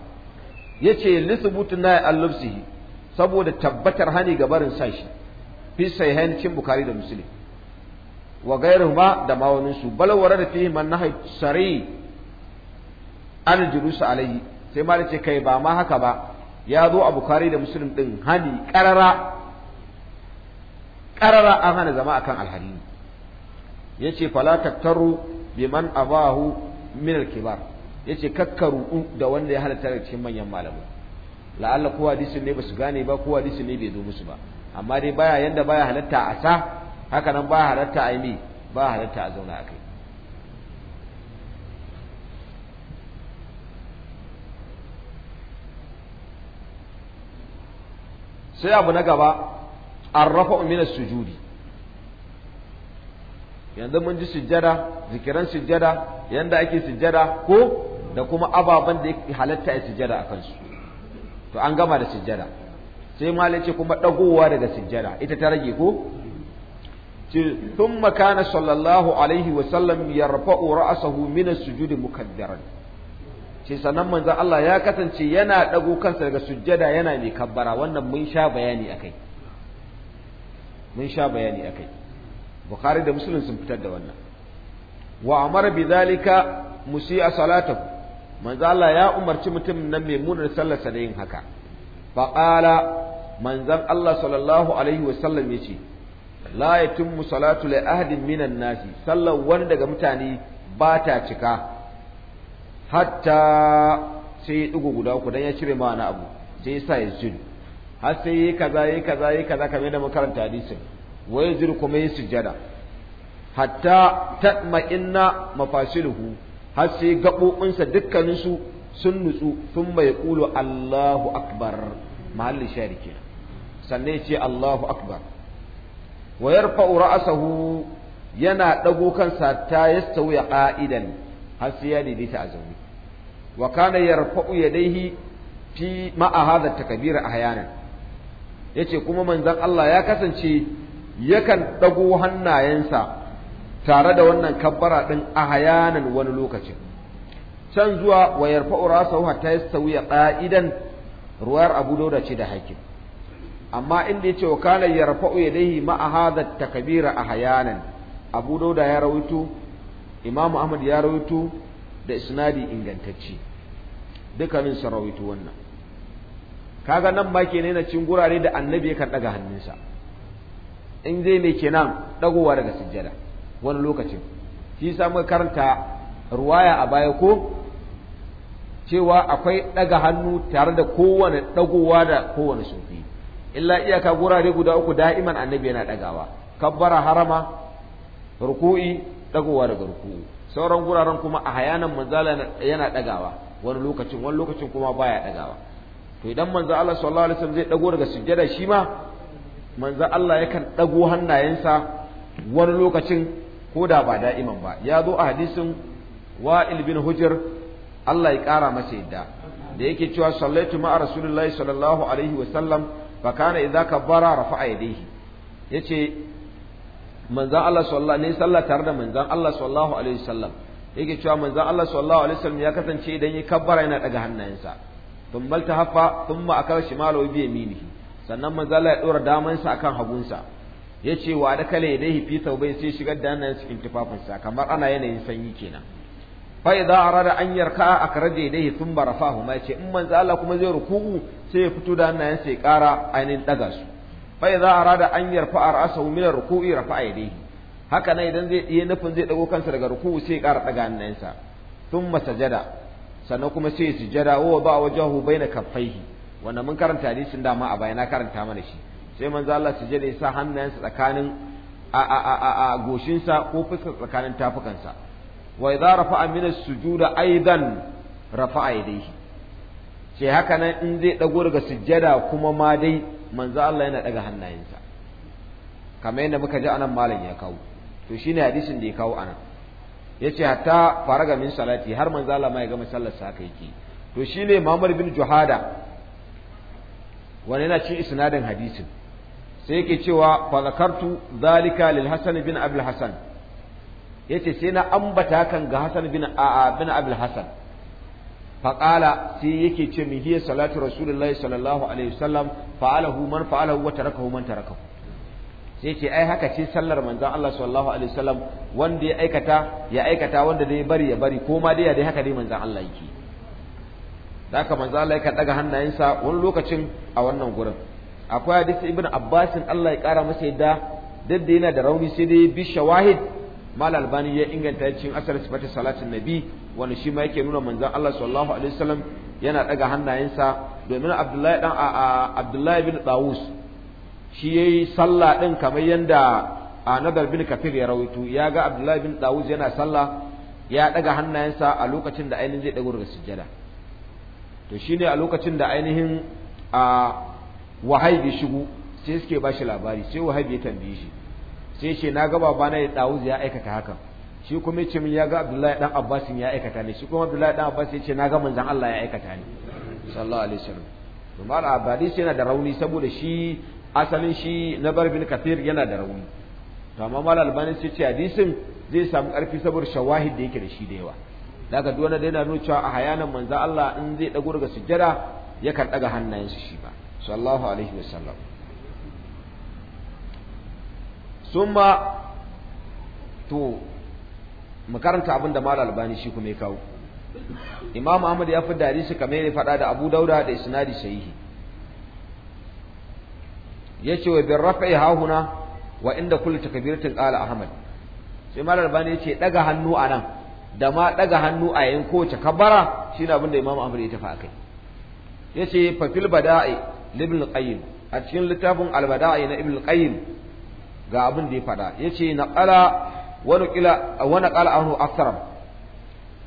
yace lisbutu na al-lubsihi saboda tabbatar hani ga barin sa shi fi sahihan cikin bukari da muslim wa ba da ma su bal da fihi man nahy sari an alayhi sai ma ce kai ba ma haka ba ya zo a bukari da muslim din hani qarara qarara an hana zama akan alharini yace fala taktaru biman abahu min alkibar kibar yace kakkaru da wanda ya halatta cikin manyan malamai la'alla ko hadisin ne ba su gane ba ko hadisin ne bai zo musu ba amma dai baya yanda baya halatta a sa haka nan baya halatta a yi mi baya halatta a zauna a kai sai abu na gaba an arrafa min sujudi yanzu mun ji sujjada zikiran sujjada yanda ake sujjada ko da kuma ababen da ya halatta ya sujjada a kansu to an gama da sujjada sai ma ce kuma ɗagowa daga sujjada ita ta rage ko ce sun makana sallallahu alaihi wa sallam yarfa'u ra'sahu min mukaddaran ce sannan manza Allah ya kasance yana ɗago kansa daga sujjada yana mai kabbara wannan mun sha bayani akai mun sha bayani akai bukhari da musulun sun fitar da wannan wa amara bidhalika musi'a salatahu manzo Allah ya umarci mutum nan mai munar sallarsa da yin haka faƙala manzan Allah sallallahu alaihi wasallam ya ce la ya tummu salatu ahadin minan nasi sallar wani daga mutane ba ta cika hatta sai ya ɗigo guda ku don ya cire ma wani abu sai ya sa ya zuru har sai ya kaza ya kaza ya kaza kamar da makaranta hadisin wai zuru kuma ya sujada hatta tatma'inna mafasiluhu har sai gaɓoɓinsa dukkaninsu sun nutsu sun mai kulu Allahu akbar mahallin shari kenan sannan ya ce Allahu akbar wa a Sahu yana ɗago kansa ta ya ƙa'idan har sai ya daidaita a zaune wa kana yarfa'u yadayhi fi ma'a hadha takbir ahyanan yace kuma manzon Allah ya kasance yakan ɗago hannayensa tare da wannan kabbara ɗin ahyanan wani lokacin can zuwa wa yarfa'u rasahu hatta yastawiya qa'idan ruwar Abu Dawud ce da hakim amma inda yace wa kana yarfa'u yadayhi ma hadha takbira ahyanan Abu Dawud ya rawaito Imam Ahmad ya rawaito da isnadi ingantacce dukkanin su rawaito wannan kaga nan ba ke yana cin gurare da annabi yakan daga hannunsa in zai ne kenan dagowa daga sujjada wani lokacin shi samu karanta ruwaya a baya ko cewa akwai ɗaga hannu tare da kowane ɗagowa da kowane sufi illa iyaka gurare guda uku da'iman annabi yana ɗagawa kabbara harama ruku'i ɗagowa daga ruku'u sauran guraren kuma a hayanan manzala yana ɗagawa wani lokacin wani lokacin kuma baya ɗagawa to idan manzo Allah sallallahu alaihi wasallam zai ɗago daga sujjada shi ma manzo Allah yakan ɗago hannayensa wani lokacin ko da ba da'iman ba ya zo a hadisin wa'il bin hujr Allah ya ƙara masa yadda da yake cewa sallaitu ma'a rasulullahi sallallahu alaihi wa sallam fa kana idza kabbara rafa'a yadayhi yace manzon Allah sallallahu alaihi sallah tare da manzon Allah sallallahu alaihi wasallam yake cewa manzon Allah sallallahu alaihi wasallam ya kasance idan ya kabbara yana daga hannayensa thumma altahaffa thumma akala shimalu bi yaminihi sannan manzon Allah ya dora damansa akan hagunsa yace wa da kale yadayhi fi tawbai sai shigar da hannayensa cikin tufafinsa kamar ana yanayin sanyi kenan fa idza arada an yarka akraje dai sun rafahu ma yace in manzo Allah kuma zai ruku'u sai ya fito da hannayen sai kara ainin daga su fa idza arada an yarfa ra'sahu min ruku'i rafa'a yadihi haka nan idan zai yi nufin zai dago kansa daga ruku'u sai ya kara daga hannayensa sun masajada sannan kuma sai ya sujada wa ba wajahu baina kaffaihi wannan mun karanta hadisin dama a bayana karanta mana shi sai manzo Allah sujada ya sa hannayensa tsakanin a a a a goshinsa ko fuskar tsakanin tafukansa wa idza rafa'a min as-sujuda aidan rafa'a yadayhi ce haka nan in zai dago daga sujjada kuma ma dai manzo Allah yana daga hannayensa kamar yadda muka ji anan malam ya kawo to shine hadisin da ya kawo anan yace hatta faraga min salati har manzo Allah ma ya gama sallar sa kai ki to shine Muhammad bin Juhada wani yana cin isnadin hadisin sai yake cewa fa zakartu zalika lil Hasan bin Abdul Hasan yace sai na ambata kan ga Hassan bin bin Abdul Hassan faqala sai yake ce mi hiya salatu rasulullahi sallallahu alaihi wasallam fa'alahu man fa'alahu wa tarakahu man tarakahu sai ce ai haka ce sallar manzon Allah sallallahu alaihi wasallam wanda ya aikata ya aikata wanda dai bari ya bari ko ma dai ya dai haka dai manzon Allah yake da haka manzon Allah yake daga hannayensa wani lokacin a wannan gurin akwai hadisi ibn Abbasin Allah ya kara masa yadda duk da yana da rauni sai dai bi shawahid mal albani ya inganta cikin asar sifatu salatin nabi wani shi ma yake nuna manzon Allah sallallahu alaihi wasallam yana daga hannayensa domin Abdullahi dan Abdullahi bin Dawus shi yayi sallah din kamar yanda anadar bin Kafir ya rawaito ya ga Abdullahi bin Dawus yana sallah ya daga hannayensa a lokacin da ainihin zai dago daga sujjada to shine a lokacin da ainihin a wahai shigo sai suke ba shi labari sai wahai ya tambaye shi sai ce na ga babana ya dawud ya aikata hakan shi kuma ya ce min ya ga abdullahi dan abbas ya aikata ne shi kuma abdullahi dan abbas ya ce na ga manzon Allah ya aikata ne sallallahu alaihi wasallam to mal abadis yana da rauni saboda shi asalin shi na bar bin kafir yana da rauni to amma mal albani sai ce hadisin zai samu karfi saboda shawahid da yake da shi da yawa daga duk wanda yana nuna cewa a hayanan manzon Allah in zai dago daga sujjada yakan daga hannayensa shi ba sallallahu alaihi wasallam ba to mu karanta abin da albani shi kuma ya kawo imam ahmad ya fi hadisi kamar ya faɗa da abu dauda da isnadi sahihi yace wa bin rafa'i hahuna wa inda kullu takbiratin qala ahmad sai mal albani ce daga hannu a nan, da ma daga hannu a yayin kowace kabara Shin abin da imam ahmad ya tafi akai yace fa fil bada'i ibn qayyim a cikin littafin al bada'i na ibin qayyim ga abin da ya faɗa ya ce na ƙala wani naqala anhu akram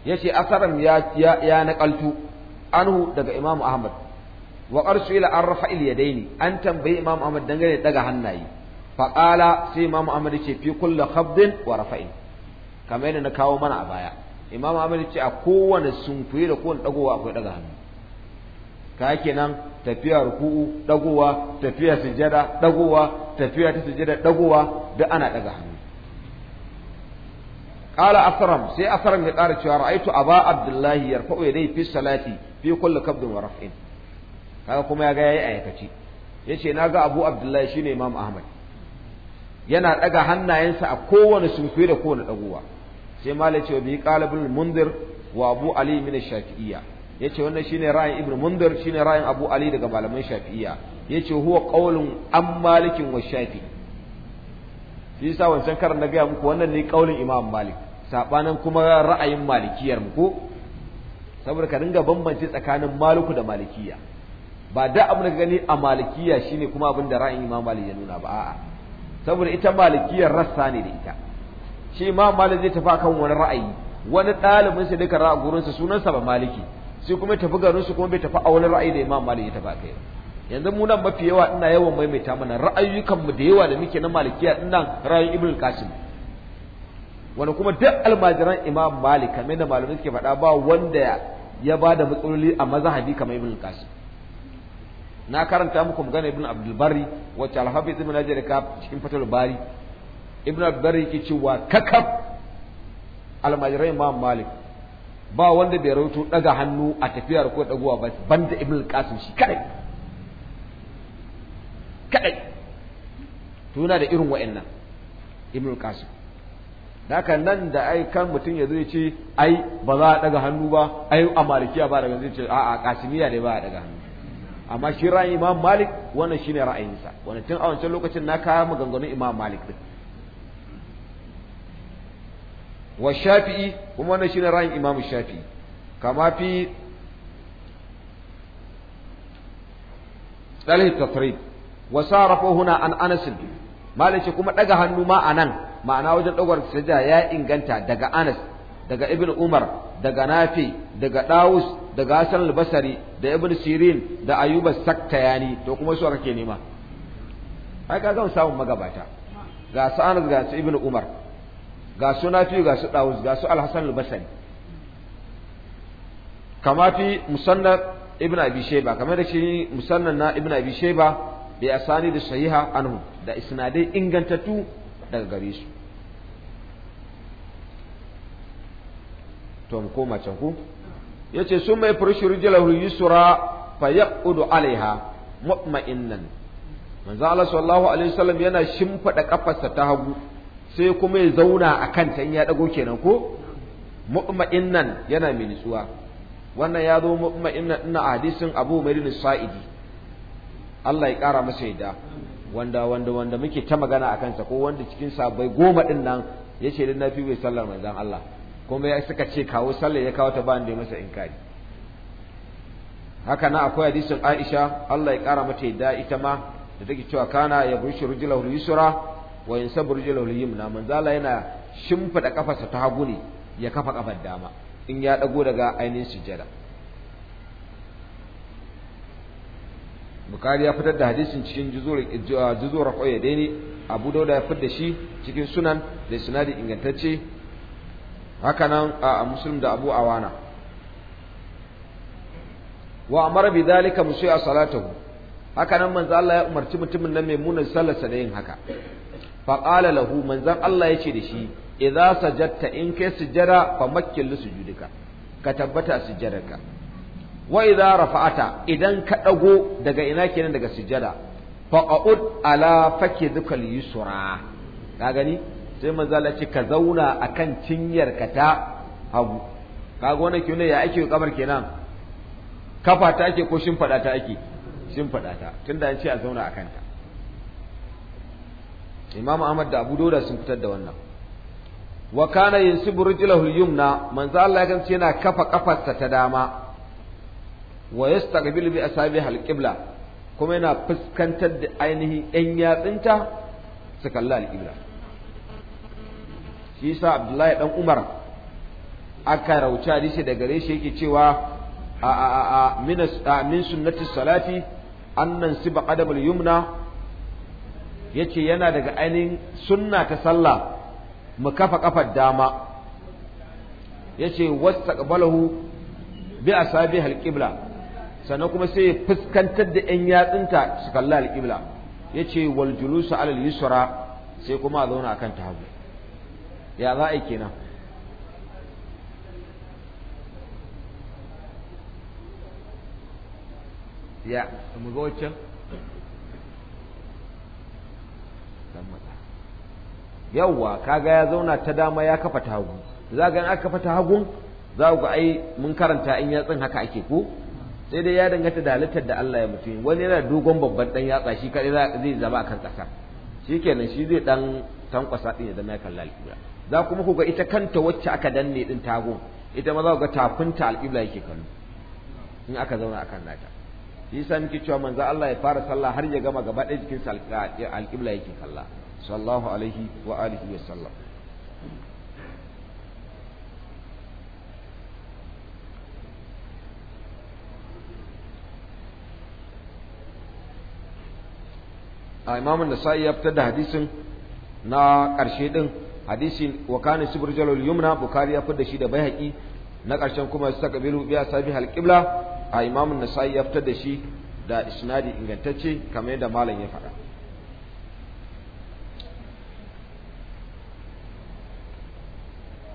yace akram ya ya naƙaltu anhu daga imamu ahmad wa qarsu ila an rafa'il yadaini an tambayi imamu ahmad dangane da daga hannaye faƙala sai imamu ahmad ce fi kulli khafdin wa rafa'in kamar yadda na kawo mana a baya imamu ahmad ce a kowane sunkuye da kowane ɗagowa akwai daga hannu ka kenan tafiya ruku'u dagowa tafiya sujada dagowa tafiya ta sujada dagowa duk ana daga hannu qala asram sai asram ya ƙara cewa ra'aytu aba abdullahi yarfa'u yadayhi fi salati fi kulli kabdin wa raf'in kaga kuma ya ga yayi aikaci yace ga abu abdullahi shine imam ahmad yana daga hannayensa a kowane sunkuye da kowane dagowa sai malai cewa bi qala bil mundir wa abu ali min ash-shafi'iyya yace wannan shine ra'ayin ibnu mundhir shine ra'ayin abu ali daga malaman shafi'iyya yace huwa qaulun an malikin wa shafi shi yasa wancan karan na gaya muku wannan ne qaulin imam malik sabanan kuma ra'ayin malikiyar mu ko saboda ka dinga bambance tsakanin maliku da malikiya ba da abu da gani a malikiya shine kuma abin da ra'ayin imam malik ya nuna ba a'a saboda ita malikiyyar rassa ne da ita shi imam malik zai tafi kan wani ra'ayi wani ɗalibin sa duka ra'a gurinsa sunansa ba maliki sai kuma tafi garin su kuma bai tafi auren ra'ayi da Imam Malik ya tafi kai yanzu mu nan mafi yawa ina yawan maimaita mana ra'ayukan mu da yawa da muke na malikiya din nan Ibn Qasim wani kuma duk almajiran Imam Malik kamar da malamai suke faɗa ba wanda ya ba da matsaloli a mazhabi kamar Ibn Qasim na karanta muku magana Ibn Abdul Bari wacce Al-Hafiz Ibn Hajar ka cikin fatul Bari Ibn Abdul Bari yake cewa kakab almajiran Imam Malik ba wanda bai rawuto daga hannu a tafiyar ko dagowa ba banda ibn qasim shi kadai kadai to yana da irin wa'annan ibn qasim haka nan da ai kan mutum ya zai ce ai ba za a daga hannu ba ai a malikiya ba daga zai ce a a kasimiya ne ba a daga hannu amma shi ra'ayin imam malik wannan shine ra'ayinsa wannan tun a wancan lokacin na kawo maganganun imam malik din wa shafi'i kuma wannan shine ra'ayin imamu shafi'i kama fi dalil wa sarafu huna an anas malace kuma daga hannu ma anan ma'ana wajen dagwar sajda ya inganta daga anas daga ibn umar daga nafi daga dawus daga hasan al-basri da ibn sirin da ayyuba sakkayani to kuma su kake nema ai ka ga samun magabata ga anas ga su ibn umar ga su nafi ga su dawus ga su alhassan albasari kama fi musannan ibn abi sheba kamar da shi musannan na ibn abi sheba bi asani da sahiha anhu da isnadai ingantattu daga gare su to mu koma can ku yace sun mai furshi jalahu yusra fa yaqudu alaiha mutma'innan manzo Allah sallallahu alaihi wasallam yana shimfada kafarsa ta hagu sai kuma ya zauna a ta in ya dago kenan ko nan yana mai nutsuwa wannan ya zo nan, ina hadisin Abu mai Sa'idi Allah ya ƙara masa yadda wanda wanda wanda muke ta magana a kansa ko wanda cikin sabai goma ɗin nan ya ce na fi bai sallar manzon Allah kuma ya suka ce kawo sallar ya kawo ta ba da masa inkari haka na akwai hadisin Aisha Allah ya kara mata yadda ita ma da take cewa kana ya bushu rujula yusra wa yansabu rijlahu man manzala yana shimfida kafarsa ta hagu ne ya kafa kafar dama in ya dago daga ainihin sujada. bukari ya fitar da hadisin cikin juzur qoya dai ne abu dauda ya fitar da shi cikin sunan da sunadi ingantacce hakanan a muslim da abu awana wa amara bi dalika musu a haka hakanan manzo Allah ya umarci mutumin nan mai munin sallarsa da yin haka faƙala lahu manzan Allah ya ce da shi idza sajadta in kai sujjada fa makkil li sujudika ka tabbata sujjadarka wa idza rafa'ata idan ka dago daga ina kenan daga sujjada fa qa'ud ala fakidika yusra ka gani sai manzo Allah ce ka zauna akan cinyarka ta hagu kaga wannan kiyo ya ake kamar kenan kafa ta ake ko shin fada ta ake shin fada ta tunda an ce a zauna akan ta Imam Ahmad da Abu Dawud sun fitar da wannan wa kana yansibu rijlahu al-yumna manzo Allah ya yana kafa kafarsa ta dama wa yastaqbilu bi asabi al-qibla kuma yana fuskantar da ainihin ɗan yatsinta su kalli al-qibla shi yasa Abdullahi dan Umar aka rauci hadisi da gare shi yake cewa a a a min sunnati salati annan siba qadamul yumna yace yana daga ainihin sunna ta sallah mu kafa kafar dama yace wastaqbalahu bi asabi alqibla sannan kuma sai ya fuskantar da yan yatsunta su kalla alqibla yace wal julusu alal yusra sai kuma zauna akan ta hagu ya za a kenan ya mu ga dan yawwa kaga ya zauna ta dama ya kafa ta hagu za ga aka kafa ta hagu za ku ga ai mun karanta in yatsan haka ake ko sai dai ya danganta da halittar da Allah ya mutum wani yana dogon babban dan yatsa shi kadai zai zama akan tsaka shikenan shi zai dan tankwasa din ya zama ya kalla za kuma ku ga ita kanta wacce aka danne din hagu ita ma za ku ga takunta al'ibla yake kallo in aka zauna akan nata shi yasa muke cewa manzo Allah ya fara sallah har ya gama gaba ɗaya cikin alƙibla yake kalla sallallahu alaihi wa alihi wa sallam a da sa'i ya fitar da hadisin na ƙarshe ɗin hadisin wa kana sibrul yumna bukari ya fitar da shi da bai haƙi na ƙarshen kuma saka istaqbilu bi asabi alqibla a imamu nasai ya fitar da shi da isnadi ingantacce kamar yadda malam ya faɗa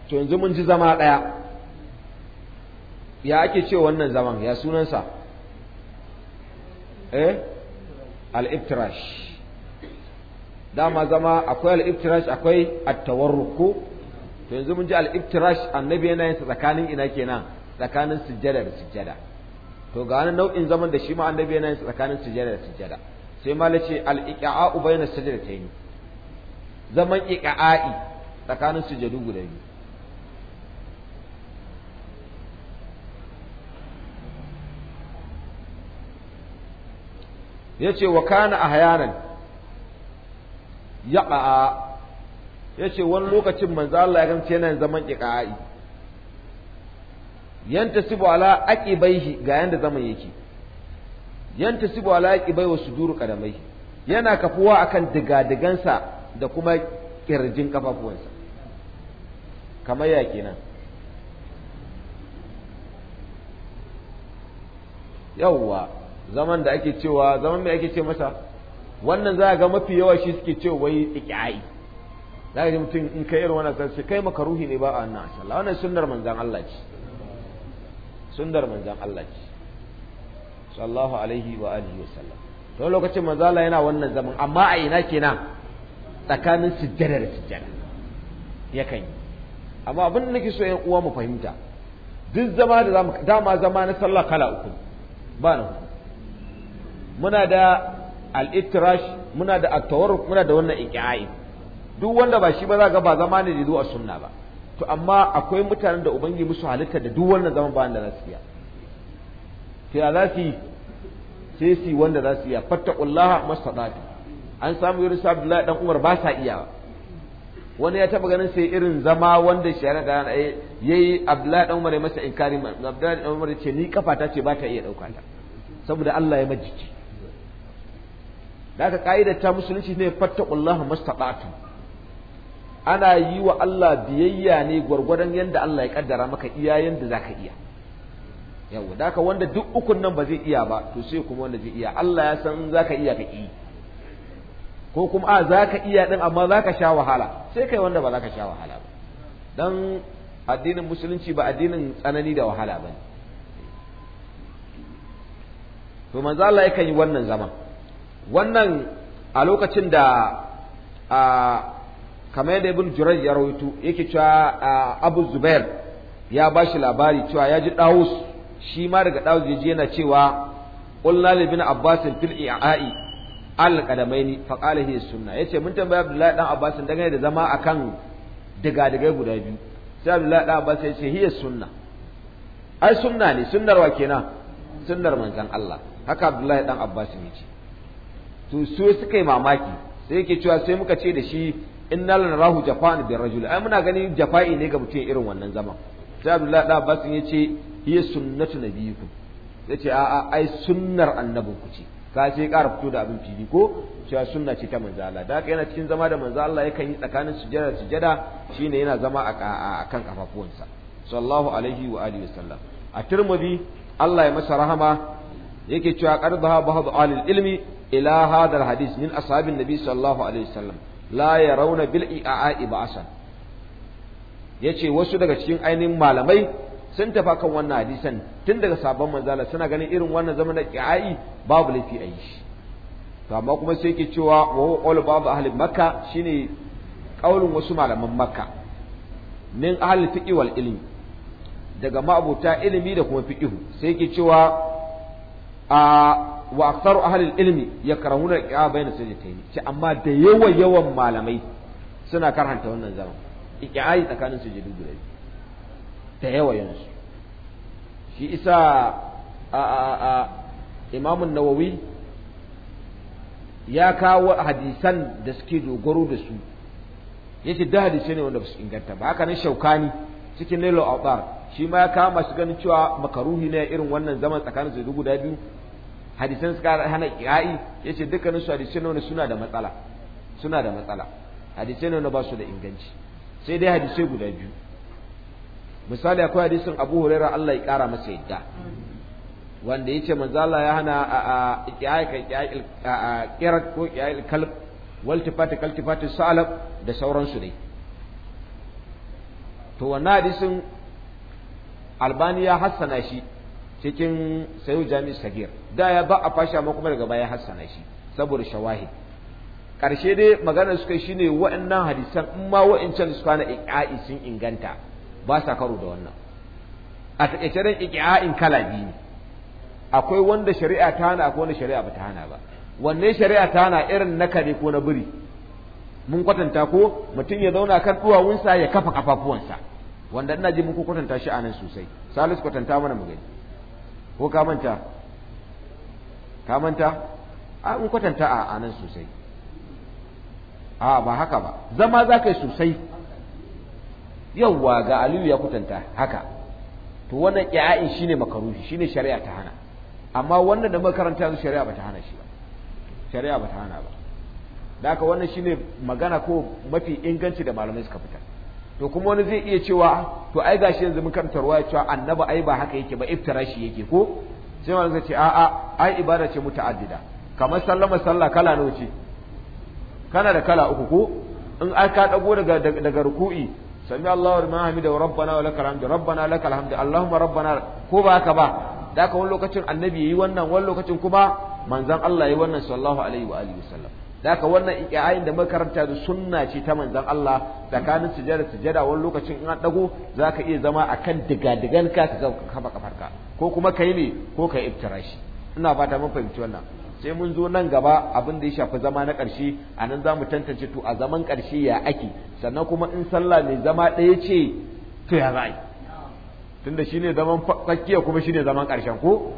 to yanzu mun ji zama ɗaya ya ake ce wannan zaman ya sunansa eh al-iftirash dama zama akwai al-iftirash akwai at tawarruku to yanzu mun ji al-iftirash annabi yana yin tsakanin ina kenan tsakanin sujjada da sujjada to ga wani nau'in zaman da shi ma annabi yana yin tsakanin sujjada da sujjada sai ma lace al-iqa'u bayna sajdatayn zaman iqa'i tsakanin sujjadu guda biyu yace wa kana ahyanan yaqa ya ce wani lokacin manzo Allah ya gamce yana zaman ƙiƙa'i yanta sibu ala aqibaihi ga yanda zaman yake yanta sibu ala aqibai wa suduru qadamai yana kafuwa akan digadigansa da kuma kirjin kafafuwansa kamar ya kenan yawwa zaman da ake cewa zaman mai ake ce masa wannan za a ga mafi yawa shi suke cewa wai iƙi'ai za ji mutum in kai irin wannan sai kai makaruhi ne ba a wannan insha Allah wannan sunnar manzon Allah ce sunnar manzon Allah ce sallallahu alaihi wa alihi wa sallam to lokacin manzon Allah yana wannan zaman amma a ina kenan tsakanin sujjada da sujjada ya yakan yi amma abin da nake so ƴan uwa mu fahimta duk zama da dama zama na sallah kala uku ba na muna da al-ittirash muna da at-tawarruk muna da wannan iqa'i duk wanda ba shi ba za ga ba zama ne da zo a sunna ba to amma akwai mutanen da ubangi musu halitta da duk wanda zama ba wanda za su iya to ya za su yi sai su wanda za su iya fattaqullaha masadatu an samu yunus abdullahi dan umar ba sa iya wani ya taba ganin sai irin zama wanda shari'a da yayi abdullahi dan umar ya masa inkari abdullahi dan umar ya ce ni kafata ce ba ta iya dauka ta saboda Allah ya majiki da aka ka'idar ta musulunci ne fattaqullaha mastata'tum ana yi wa Allah biyayya ne gwargwadon yadda Allah ya kaddara maka iya yadda za ka iya Yau da wanda duk ukun nan ba zai iya ba to sai kuma wanda zai iya Allah ya san za ka iya ka yi ko kuma a za ka iya ɗin amma za ka sha wahala sai kai wanda ba za ka sha wahala ba dan addinin musulunci ba addinin tsanani da wahala ba to manzo Allah yakan yi wannan zaman wannan a lokacin da a kamar yadda ibn jurai ya rawaito yake cewa Abu Zubair ya ba shi labari cewa ya ji Dawus shi ma daga Dawus ya ji yana cewa qulna li ibn Abbas fil i'a'i al qadamaini fa qala suna sunna yace mun tambaya Abdullahi dan Abbas dangane da zama akan diga-digai guda biyu sai Abdullahi dan Abbas yace hiya sunna ai sunna ne sunnar wa kenan sunnar manzon Allah haka Abdullahi dan Abbas ya ce to su suka yi mamaki sai yake cewa sai muka ce da shi inna lanarahu jafan bi rajul ai muna ganin jafa'i ne ga mutum irin wannan zaman sai Abdullahi da Abbas yace hiya sunnatu nabiyikum yace a a ai sunnar annabin ku ce ka ce ƙara fito da abin fili ko cewa sunna ce ta manzo Allah da haka yana cikin zama da manzo Allah yakan yi tsakanin sujada da sujada shine yana zama a kan kafafuwansa sallallahu alaihi wa alihi wasallam a Tirmidhi Allah ya masa rahama yake cewa qardaha ba'd alil ilmi ila hadha al hadith min ashabin nabi sallallahu alaihi wasallam la ya rauna bil i'a'i ba'asan yace wasu daga cikin ainihin malamai sun tafa kan wannan hadisan tun daga sabon manzala suna ganin irin wannan zaman da i'a'i babu laifi a yi shi to amma kuma sai yake cewa wa babu babu ahli makka shine kaulin wasu malaman makka min ahli fiqi wal ilmi daga ma'abuta ilimi da kuma fiqihu sai yake cewa a wa aksaru ahlil ilmi yakrahuna qi'a bayna sajdatayn ce amma da yawa yawan malamai suna karhanta wannan zaman yi tsakanin sujudu guda da yawa yansu shi isa a a a imamun nawawi ya kawo hadisan da suke dogaro da su yace da hadisai ne wanda ba su inganta ba haka nan shaukani cikin nilo a shi ma ya kama su ganin cewa makaruhi ne irin wannan zaman tsakanin su guda biyu hadisan suka hana kiyayi yace dukkanin su hadisai ne suna da matsala suna da matsala hadisai ne ba su da inganci sai dai hadisai guda biyu misali akwai hadisin Abu Hurairah Allah ya kara masa yadda wanda yace manzo Allah ya hana kai kiyayi kirat ko kiyayi kalb kal tifati salab da sauransu dai to wannan hadisin albani ya hassana shi cikin Sayo jami sagir da ya ba a fasha ma kuma daga baya hassana shi saboda shawahi. karshe dai maganar suka shine waɗannan hadisan in ma wa'ancan su kana iqa'i sun inganta ba sa karo da wannan a take dan iqa'in kala biyu ne akwai wanda shari'a ta hana akwai wanda shari'a ba hana ba wanne shari'a ta hana irin na kare ko na biri mun kwatanta ko mutum ya zauna kan duwawunsa ya kafa kafafuwansa wanda ina ji mun kwatanta shi anan sosai salisu kwatanta mana mu gani ko ka manta a in kwatanta a anan sosai a ba haka ba zama za ka yi sosai yawwa ga aliyu ya kwatanta haka to wannan ƙya'in makarushi shi ne shari'a ta hana amma wannan da makaranta su shari'a ba ta hana shi ba shari'a ba ta hana ba da haka wannan shi ne magana ko mafi inganci da malamai suka fitar to kuma wani zai iya cewa to ai gashi yanzu mun karanta ruwaya cewa annabi ai ba haka yake ba iftirashi yake ko sai wani zai ce a'a ai ibada ce muta'addida kamar sallama sallah kala nawa ce kana da kala uku ko in ai ka dago daga daga ruku'i sami Allahu wa hamida wa rabbana wa lakal hamdu rabbana lakal hamdu allahumma rabbana ko ba haka ba da haka wani lokacin annabi yayi wannan wani lokacin kuma manzon Allah yayi wannan sallallahu alaihi wa alihi wasallam haka wannan iqa'in da makaranta da sunna ce ta manzon Allah tsakanin sujada sujada wani lokacin in an dago zaka iya zama akan digadigan ka ka kafa kafarka ko kuma kai ne ko kai iftirashi ina fata mun fahimci wannan sai mun zo nan gaba abin da ya shafi zama na ƙarshe a nan za mu tantance to a zaman ƙarshe ya ake sannan kuma in sallah mai zama ɗaya ce to ya za tunda shine zaman fakkiya kuma shine zaman ƙarshen ko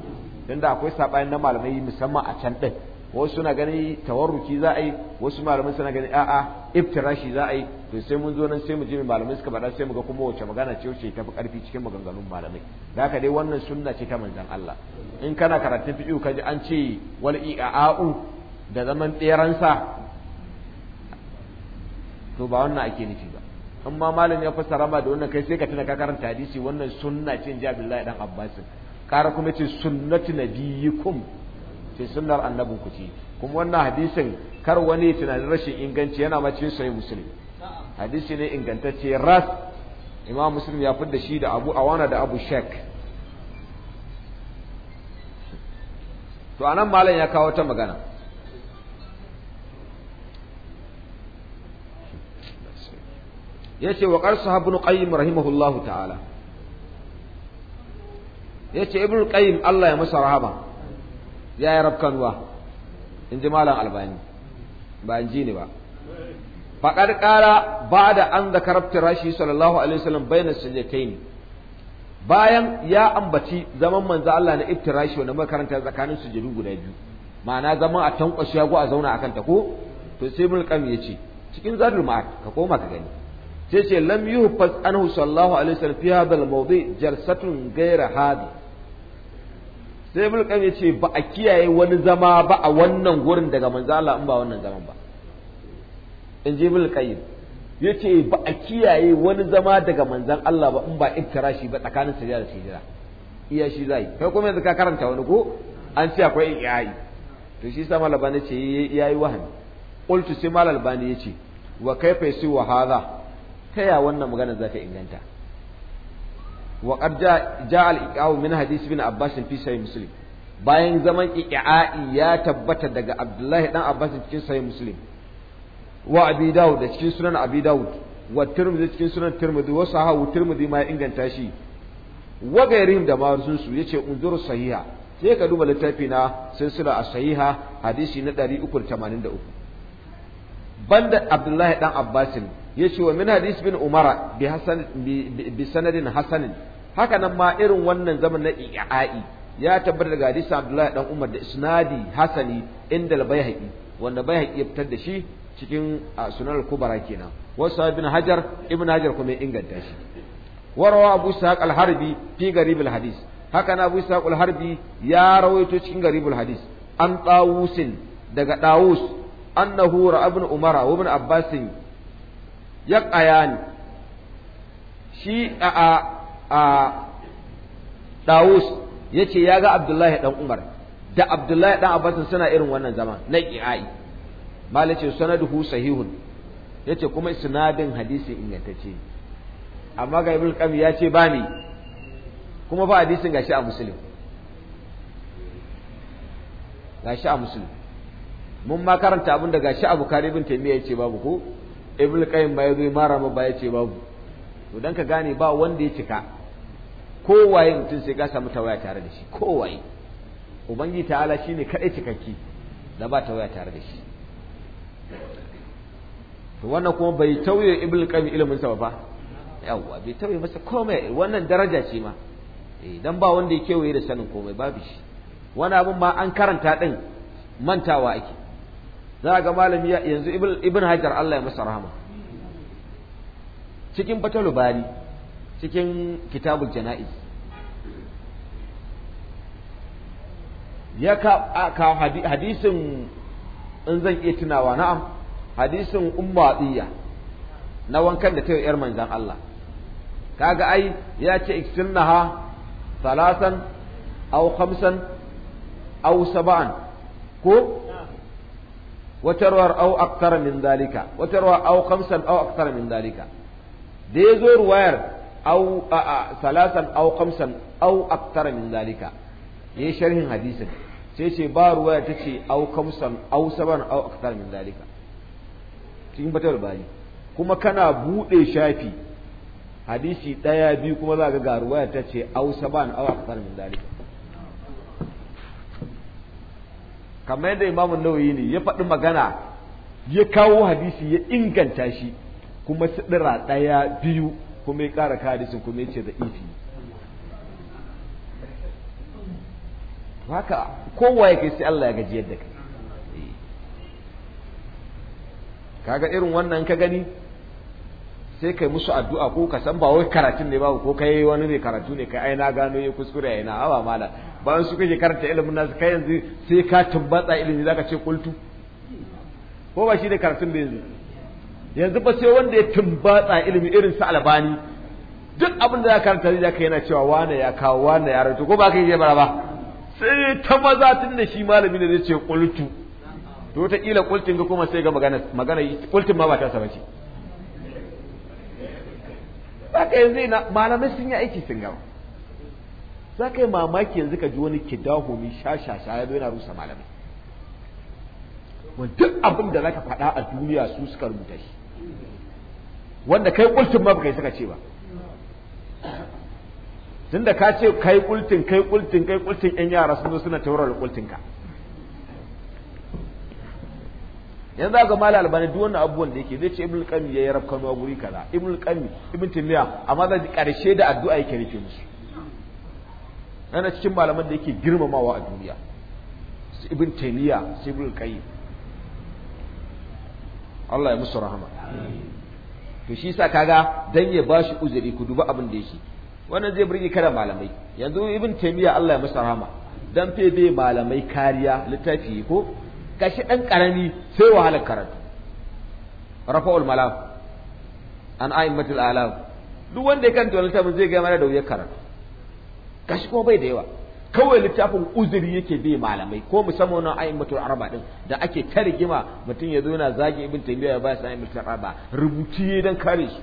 tunda akwai saɓani na malamai musamman a can ɗin wasu suna ganin tawarruki za a yi wasu malamai suna ganin a'a iftirashi za a yi to sai mun zo nan sai mu je malamai suka faɗa sai mu ga kuma wace magana ce wace tafi karfi cikin maganganun malamai haka dai wannan sunna ce ta manzon Allah in kana karatun ka ji an ce wal i'a'u da zaman tseransa to ba wannan ake nufi ba Amma ma malam ya fassara ba da wannan kai sai ka tuna ka karanta hadisi wannan sunna ce in dan Abbasin kara kuma ce sunnatu nabiyikum ce sunnar annabin ku ce kuma wannan hadisin kar wani tunanin rashin inganci yana ma cikin sahih muslim hadisi ne ingantacce ras imam muslim ya da shi da abu awana da abu shek to anan malam ya kawo ta magana yace wa qarsu ibn qayyim rahimahullahu ta'ala yace ibn qayyim Allah ya masa rahama ya yi rafkanuwa in ji malam albani ba in ji ne ba faƙar ƙara ba da an da karabtar rashi sallallahu alaihi wasallam bayan ne bayan ya ambaci zaman manzo Allah na iftirashi wanda makaranta tsakanin sujudu guda biyu ma'ana zaman a tankwashe yago a zauna akan ta ko to sai ibn ya yace cikin zadul ma'ad ka koma ka gani sai ce lam yuhfaz anhu sallallahu alaihi wasallam fi hadha al-mawdi jalsatun ghayra hadhihi sai ibn ya yace ba a kiyaye wani zama ba a wannan gurin daga manzala Allah in ba wannan zaman ba in ji ibn ya yace ba a kiyaye wani zama daga manzan Allah ba in ba shi ba tsakanin sujada da sujada iya shi zai kai kuma yanzu ka karanta wani ko an ce akwai iyayi to shi sa ce bani ce yayi wahani qultu sai malal bani ce, wa kaifa fai wa hadha ta ya wannan magana zaka inganta wa qad jaa al-iqa'u min hadith ibn Abbas fi sahih Muslim bayan zaman iqa'i ya tabbata daga Abdullahi dan Abbas cikin sahih Muslim wa Abi Da'ud da cikin sunan Abi Da'ud. wa Tirmidhi cikin sunan Tirmidhi wa sahahu Tirmidhi ma inganta shi wa gairin da ma sun su yace unzuru sahiha sai ka duba littafi na silsila as-sahiha hadisi na 383 banda Abdullahi dan Abbasin yace wa min hadis bin Umara bi hasan bi sanadin hasanin haka nan ma irin wannan zaman na i'a'i ya tabbata daga hadisi Abdullahi dan Umar da isnadi hasani inda al-Baihaqi wanda Baihaqi ya fitar da shi cikin sunan al-Kubra kenan wasu ibn Hajar ibn Hajar kuma ya inganta shi warawa Abu Sa'aq al-Harbi fi garib al-hadis haka na Abu al-Harbi ya rawaito cikin garib al-hadis an Tawusin daga Dawus annahu ra'a ibn Umar wa ibn Abbas yaqayan shi a a Dawus yace ya ga Abdullahi dan Umar da Abdullahi dan Abbas suna irin wannan zama na qi'ai malace sanaduhu sahihun yace kuma sinadin hadisi ingantacce amma ga Ibn Qayyim ya ce bani kuma ba hadisin gashi a Muslim gashi a Muslim mun ma karanta abin da gashi a Bukhari ibn Taymiyyah yace babu ko Ibn Qayyim ba ya mara ba yace babu to dan ka gane ba wanda ya cika kowaye mutum sai ka samu tawaya tare da shi kowaye ubangiji ala shine kadai cikakki da ba tawaya tare da shi to wannan kuma bai tauye ibn qayyim ilimin sa ba yawa bai tauye masa komai wannan daraja ce ma eh dan ba wanda ya waye da sanin komai babu shi wani abun ma an karanta din mantawa ake za ga malami yanzu ibn hajar Allah ya masa rahama cikin fatalubari bari cikin kitabul jana'iz ya kawo hadisin in zan iya tunawa na'am hadisin umma na wankan da ta yi yar manzan Allah kaga ai ya ce iksinnaha salasan aw khamsan aw sab'an ko watarwar ruwar au aktara min dalika wata ruwar khamsan au aktara min dalika da ya zo ruwayar au salasan au kamsan au aktara min dalika. yayi sharhin hadisin sai ce ba ruwaya ta ce au kamsan au saban au aktara min zalika cikin batar bani kuma kana bude shafi hadisi daya biyu kuma za ga ga ruwaya ta ce au saban au aktara min dalika. kamar yadda imamun nawayi ne ya faɗi magana ya kawo hadisi ya inganta shi kuma sidira ɗaya biyu kuma ya ƙara hadisin kuma ya ce da ifi haka kowa ya kai sai Allah ya gaji yadda kai kaga irin wannan ka gani sai kai musu addu'a ko ka san ba wai karatun ne ba ko kai wani ne karatu ne kai aina gano ya kuskure ai na awa mala bayan su kake karanta ilimin nasu kai yanzu sai ka tumbatsa ilimi zaka ce kultu ko ba shi ne karatun da yanzu yanzu ba sai wanda ya tumbatsa ilimi irin su albani duk abin da ya karanta zai kai yana cewa wane ya kawo wane ya rato ko ba ka yi bara ba sai ta maza tun da shi malami ne zai ce kultu to ta kila kultin ga kuma sai ga magana magana kultin ma ba ta saba ce zaka yanzu malamai sun yi aiki sun gama za ka yi mamaki yanzu ka ji wani kidaho mai shashasha ya yana rusa malamai wani duk abin da za ka faɗa a duniya su suka rubuta shi wanda kai kultin ma baka yi saka ce ba tunda ka ce kai kultin kai kultin kai kultin yan yara sun zo suna taurar kultinka. ka yanzu aka mala albani duk wannan abubuwan da yake zai ce ibn qami yayi rabkanu a guri kaza ibn qami ibn timiya amma da karshe da addu'a yake rike musu yana cikin malaman da yake girmamawa a duniya su ibn taymiya su ibn qayyim Allah ya musu rahama to shi sa kaga dan ya bashi uzuri ku duba abin da yake wannan zai burge kada malamai yanzu ibn taymiya Allah ya masa rahama dan fe bai malamai kariya littafi ko kashi dan karami sai wahalar karatu rafa'ul malam an a'immatul alam duk wanda ya kanta littafin zai ga mana da wuyar karatu kashi kuma bai da yawa kawai littafin uzuri yake bai malamai ko musamman na mutul arba din da ake ta mutum ya zo yana zagi ibn taymiya ya ba sai mutul arba rubuci dan kare shi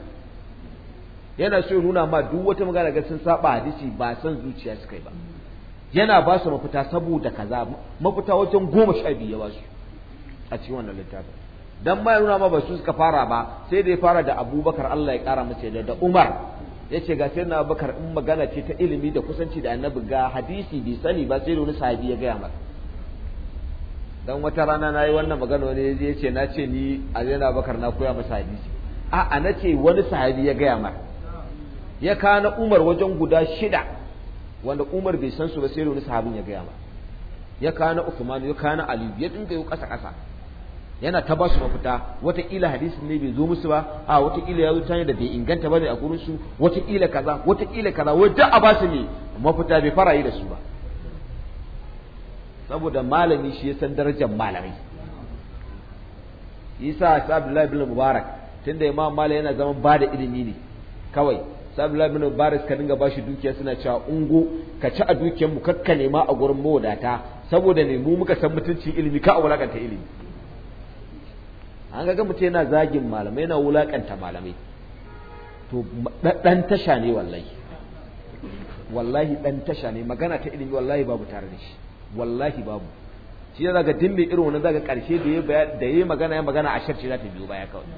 yana so nuna ma duk wata magana ga sun saba hadisi ba san zuciya suka kai ba yana ba su mafita saboda kaza mafita wajen goma sha biyu ya ba su a cikin wannan littafin dan ma nuna ma ba su suka fara ba sai da ya fara da Abubakar Allah ya kara masa da Umar yace ga sayyidina Abubakar in magana ce ta ilimi da kusanci da annabi ga hadisi bi sani ba sai wani sahabi ya gaya maka dan wata rana nayi wannan magana wani yaje yace na ce ni a na bakar na koya masa hadisi a a ce wani sahabi ya gaya masa ya kana Umar wajen guda shida wanda Umar bai san su ba sai wani sahabin ya gaya masa ya kana usman ya kana Ali ya dinga yi kasa kasa yana ta ba su mafita ila hadisin ne bai zo musu ba a wata ya yazo tani da bai inganta ba ne a gurin su ila kaza ila kaza wai duk a ba su ne mafita bai fara yi da su ba saboda malami shi ya san darajar malami isa sa abdullahi bin mubarak tunda imam malik yana zaman ba da ilimi ne kawai sa abdullahi bin mubarak ka dinga bashi dukiya suna cewa ungo ka ci a dukiyar mu kakka nema a gurin mawadata saboda ne mu muka san mutuncin ilimi ka a wulakanta ilimi an ga mutum yana zagin malamai yana wulakanta malamai to ɗan tasha ne wallahi wallahi ɗan tasha ne magana ta ilimi wallahi babu tare da shi wallahi babu shi yana ga dimmi irin wani zaga karshe da ya yi magana ya magana ashar ce za ta biyo baya kawai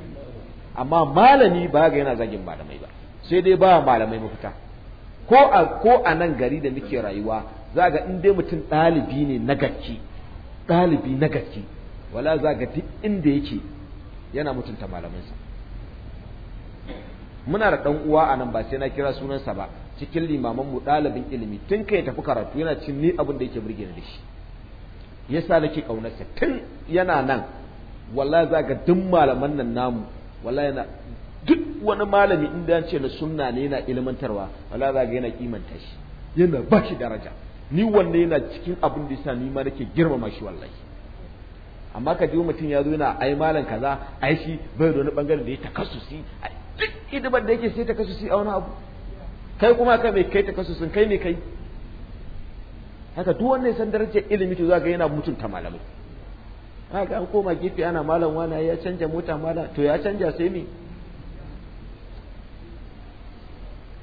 amma malami ba ga yana zagin malamai ba sai dai ba malamai mafita ko a ko a nan gari da muke rayuwa za ga in mutum ɗalibi ne na gaske ɗalibi na gaske wala za ga duk inda yake yana mutunta malamansa muna da dan uwa anan ba sai na kira sunansa ba cikin limaman mu dalibin ilimi tun kai tafi karatu yana cin ni abin da yake burge da shi yasa nake kaunarsa tun yana nan wallahi za ga duk malaman nan namu wallahi yana duk wani malami inda ya ce na sunna ne yana ilmantarwa wallahi za ga yana kimanta shi yana ba daraja ni wanne yana cikin abin da yasa ni ma nake girmama shi wallahi amma ka ji mutum ya zo yana ai malam kaza ai shi bai da wani bangare da ya takassusi duk hidimar da yake sai takassusi a wani abu kai kuma ka mai kai takassusin kai ne kai haka duk wanda ya san darajar ilimi to za ga yana mutunta malamai haka an koma gefe ana malam wani ya canja mota malam to ya canja sai me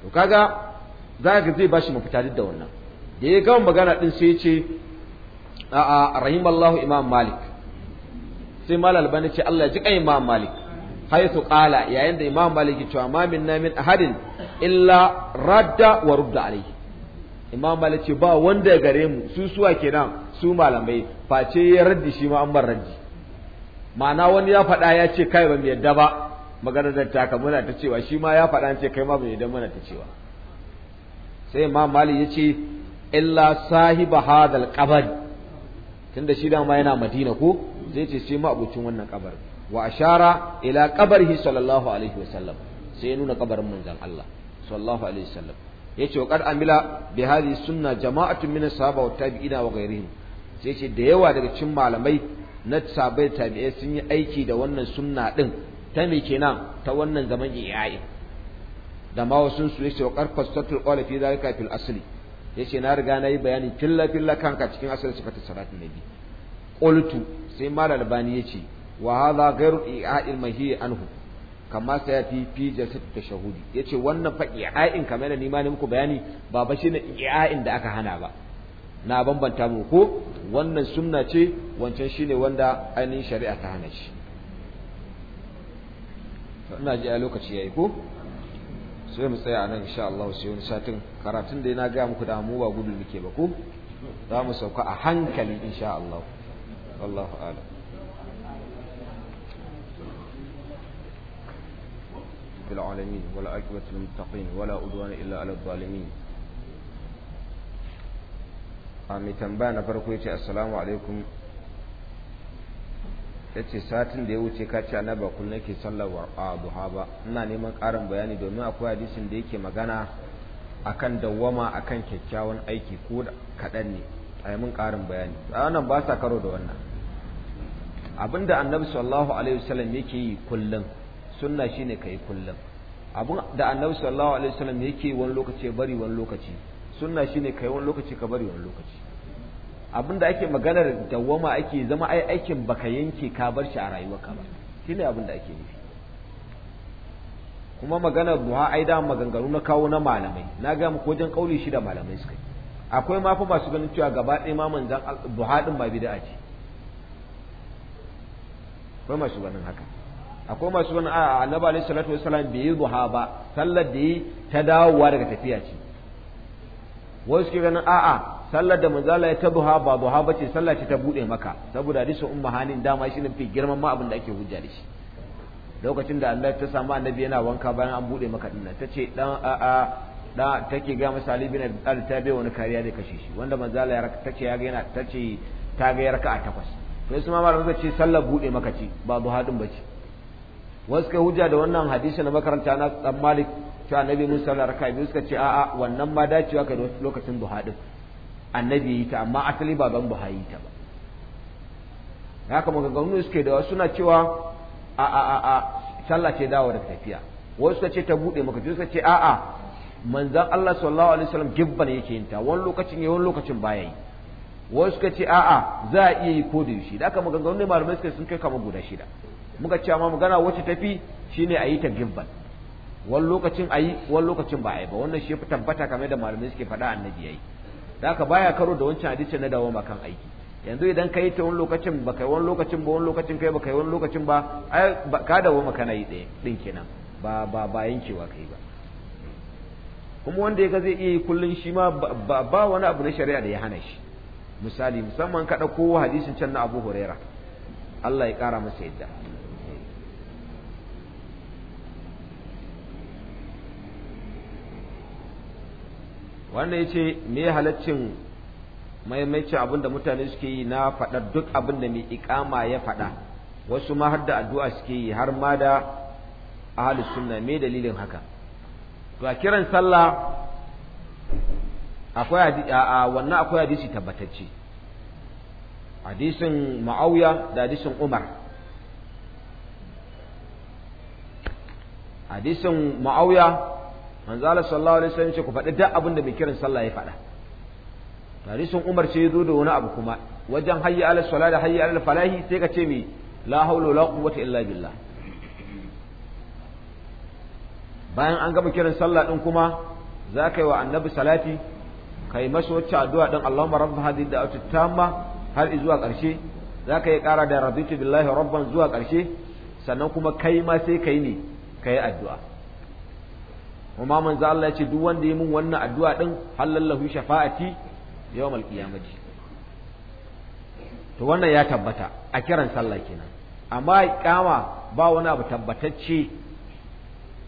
to kaga za ga zai bashi mafita duk da wannan da ya gama magana din sai ya ce a'a rahimallahu imam malik sai mal albani ce Allah ji kai imam malik haythu qala yayin da imam malik ya cewa ma minna min ahadin illa radda wa rudda alayhi imam malik ce ba wanda gare mu su suwa kenan su malamai face ya raddi shi ma an bar raddi ma'ana wani ya faɗa ya ce kai ba mu yadda ba maganar da taka muna ta cewa shi ma ya faɗa ce kai ma ba mu yadda muna ta cewa sai imam malik ya ce illa sahiba hadal qabr tunda shi da ma yana madina ko zai ce sai ma'abucin wannan kabar wa ashara ila qabrihi sallallahu alaihi wasallam sai ya nuna kabarin manzon Allah sallallahu alaihi wasallam yace wa qad amila bi hadhihi sunna jama'atun min as tabi'ina wa ghairihim sai ce da yawa daga cikin malamai na sahabbai tabi'ai sun yi aiki da wannan sunna din ta me kenan ta wannan zaman iyaye da ma wasu su yace wa qad fasatul qawla fi dhalika fil asli yace na riga na yi bayani filla filla kanka cikin asalin sifatin salatin nabi qultu sai mal albani yace wa hadha ghairu i'a'il mahi anhu kama sai ya fi fi jasad tashahudi yace wannan fa i'a'in kamar da nima ne muku bayani ba ba shine i'a'in da aka hana ba na bambanta mu ko wannan sunna ce wancan shine wanda ainihin shari'a ta hana shi ina ji a lokaci yayi ko sai mu tsaya nan insha Allah sai wani satin karatun da na ga muku da mu ba gudu muke ba ko za mu sauka a hankali insha Allah wallahu a'lam رب العالمين ولا عقبة للمتقين ولا عدوان إلا على الظالمين mai tambaya na farko yace assalamu alaikum yace satin da ya wuce ka ce annaba kun nake sallar duha ba ina neman ƙarin bayani domin akwai hadisin da yake magana akan dawwama akan kyakkyawan aiki ko kaɗan ne a yi mun ƙarin bayani a wannan ba sa karo da wannan abinda annabi sallallahu alaihi wasallam yake yi kullum sunna shine kai kullum abin da annabi sallallahu alaihi wasallam yake wani lokaci bari wani lokaci sunna shine kai wani lokaci ka bari wani lokaci abin da ake maganar dawwama ake zama ai aikin baka yanke ka bar shi a rayuwarka ba shine abin da ake nufi kuma maganar duha ai da maganganu na kawo na malamai na ga mu wajen kauli shi da malamai suka akwai ma fa masu ganin cewa gaba ɗaya ma manzan duha din ba bid'a ce akwai masu ganin haka akwai masu ganin a annabi alaihi salatu wassalam bai yi duha ba sallar da yi ta dawowa daga tafiya ce wasu suke ganin a'a sallar da manzala ya ta duha ba duha ba ce sallar ce ta buɗe maka saboda hadisin umma hanin dama shi ne fi girman ma abin da ake hujja da shi lokacin da Allah ta samu annabi yana wanka bayan an buɗe maka dinnan ta ce dan a'a da take ga masa Ali bin Abi Talib ta bai wani kariya da kashe shi wanda manzala ya ta ya ga yana ta ce ta ga yarka a takwas sai su mamar suka ce sallar buɗe maka ce ba duha din ba ce wasu kai hujja da wannan hadisi na makaranta na dan malik cewa annabi musa sallar raka biyu suka ce a'a wannan ma dacewa kai lokacin duha din annabi yi ta amma asali ba ban duha yi ta ba ga maganganu suke da wasu na cewa a a a a sallah ce dawo da tafiya wasu suka ce ta buɗe maka biyu suka ce a'a manzan Allah sallallahu alaihi wasallam gibban yake yin ta wani lokacin ya wani lokacin baya yi wasu suka ce a'a za a iya yi ko da yaushe da aka maganga wani malamai suka sun kai kama guda shida muka ce amma magana wacce tafi shine a yi ta gibban wani lokacin a yi wani lokacin ba a yi ba wannan shi tabbata kamar da malamai suke faɗa annabi yayi da aka baya karo da wancan hadisi na dawo makan aiki yanzu idan ka yi ta wani lokacin ba kai wani lokacin ba wani lokacin kai ba kai wani lokacin ba ai ka dawo makana yi ɗaya ɗin kenan ba ba ba yankewa kai ba kuma wanda ya ga zai iya yi kullum shi ma ba wani abu na shari'a da ya hana shi misali musamman ka ɗauko hadisin can na Abu Huraira Allah ya ƙara masa yadda wannan ya ce me halaccin maimaicin abin da mutane suke yi na faɗa duk abin da mai ikama ya faɗa wasu ma har da addu'a suke yi har ma da ahalus sunna me dalilin haka to a kiran sallah akwai a wannan akwai hadisi tabbatacce hadisin ma'auya da hadisin umar hadisin ma'auya manzo Allah sallallahu alaihi wasallam ce ku faɗi duk abin da mai kiran sallah ya faɗa hadisin umar ce yazo da wani abu kuma wajen hayya ala sala da hayya ala falahi sai ka ce mi la hawla wala quwwata illa billah bayan an gama kiran sallah din kuma za ka yi wa annabi salati kai mashi wacce addu'a din Allahumma rabb hadhihi da'wati tamma har zuwa ƙarshe zaka yi ƙara da raditu billahi rabban zuwa ƙarshe sannan kuma kai ma sai kai ne kai addu'a kuma manzo Allah ya ce duk wanda ya mun wannan addu'a din halallahu shafa'ati yawmal qiyamati to wannan ya tabbata a kiran sallah kenan amma iqama ba wani abu tabbatacce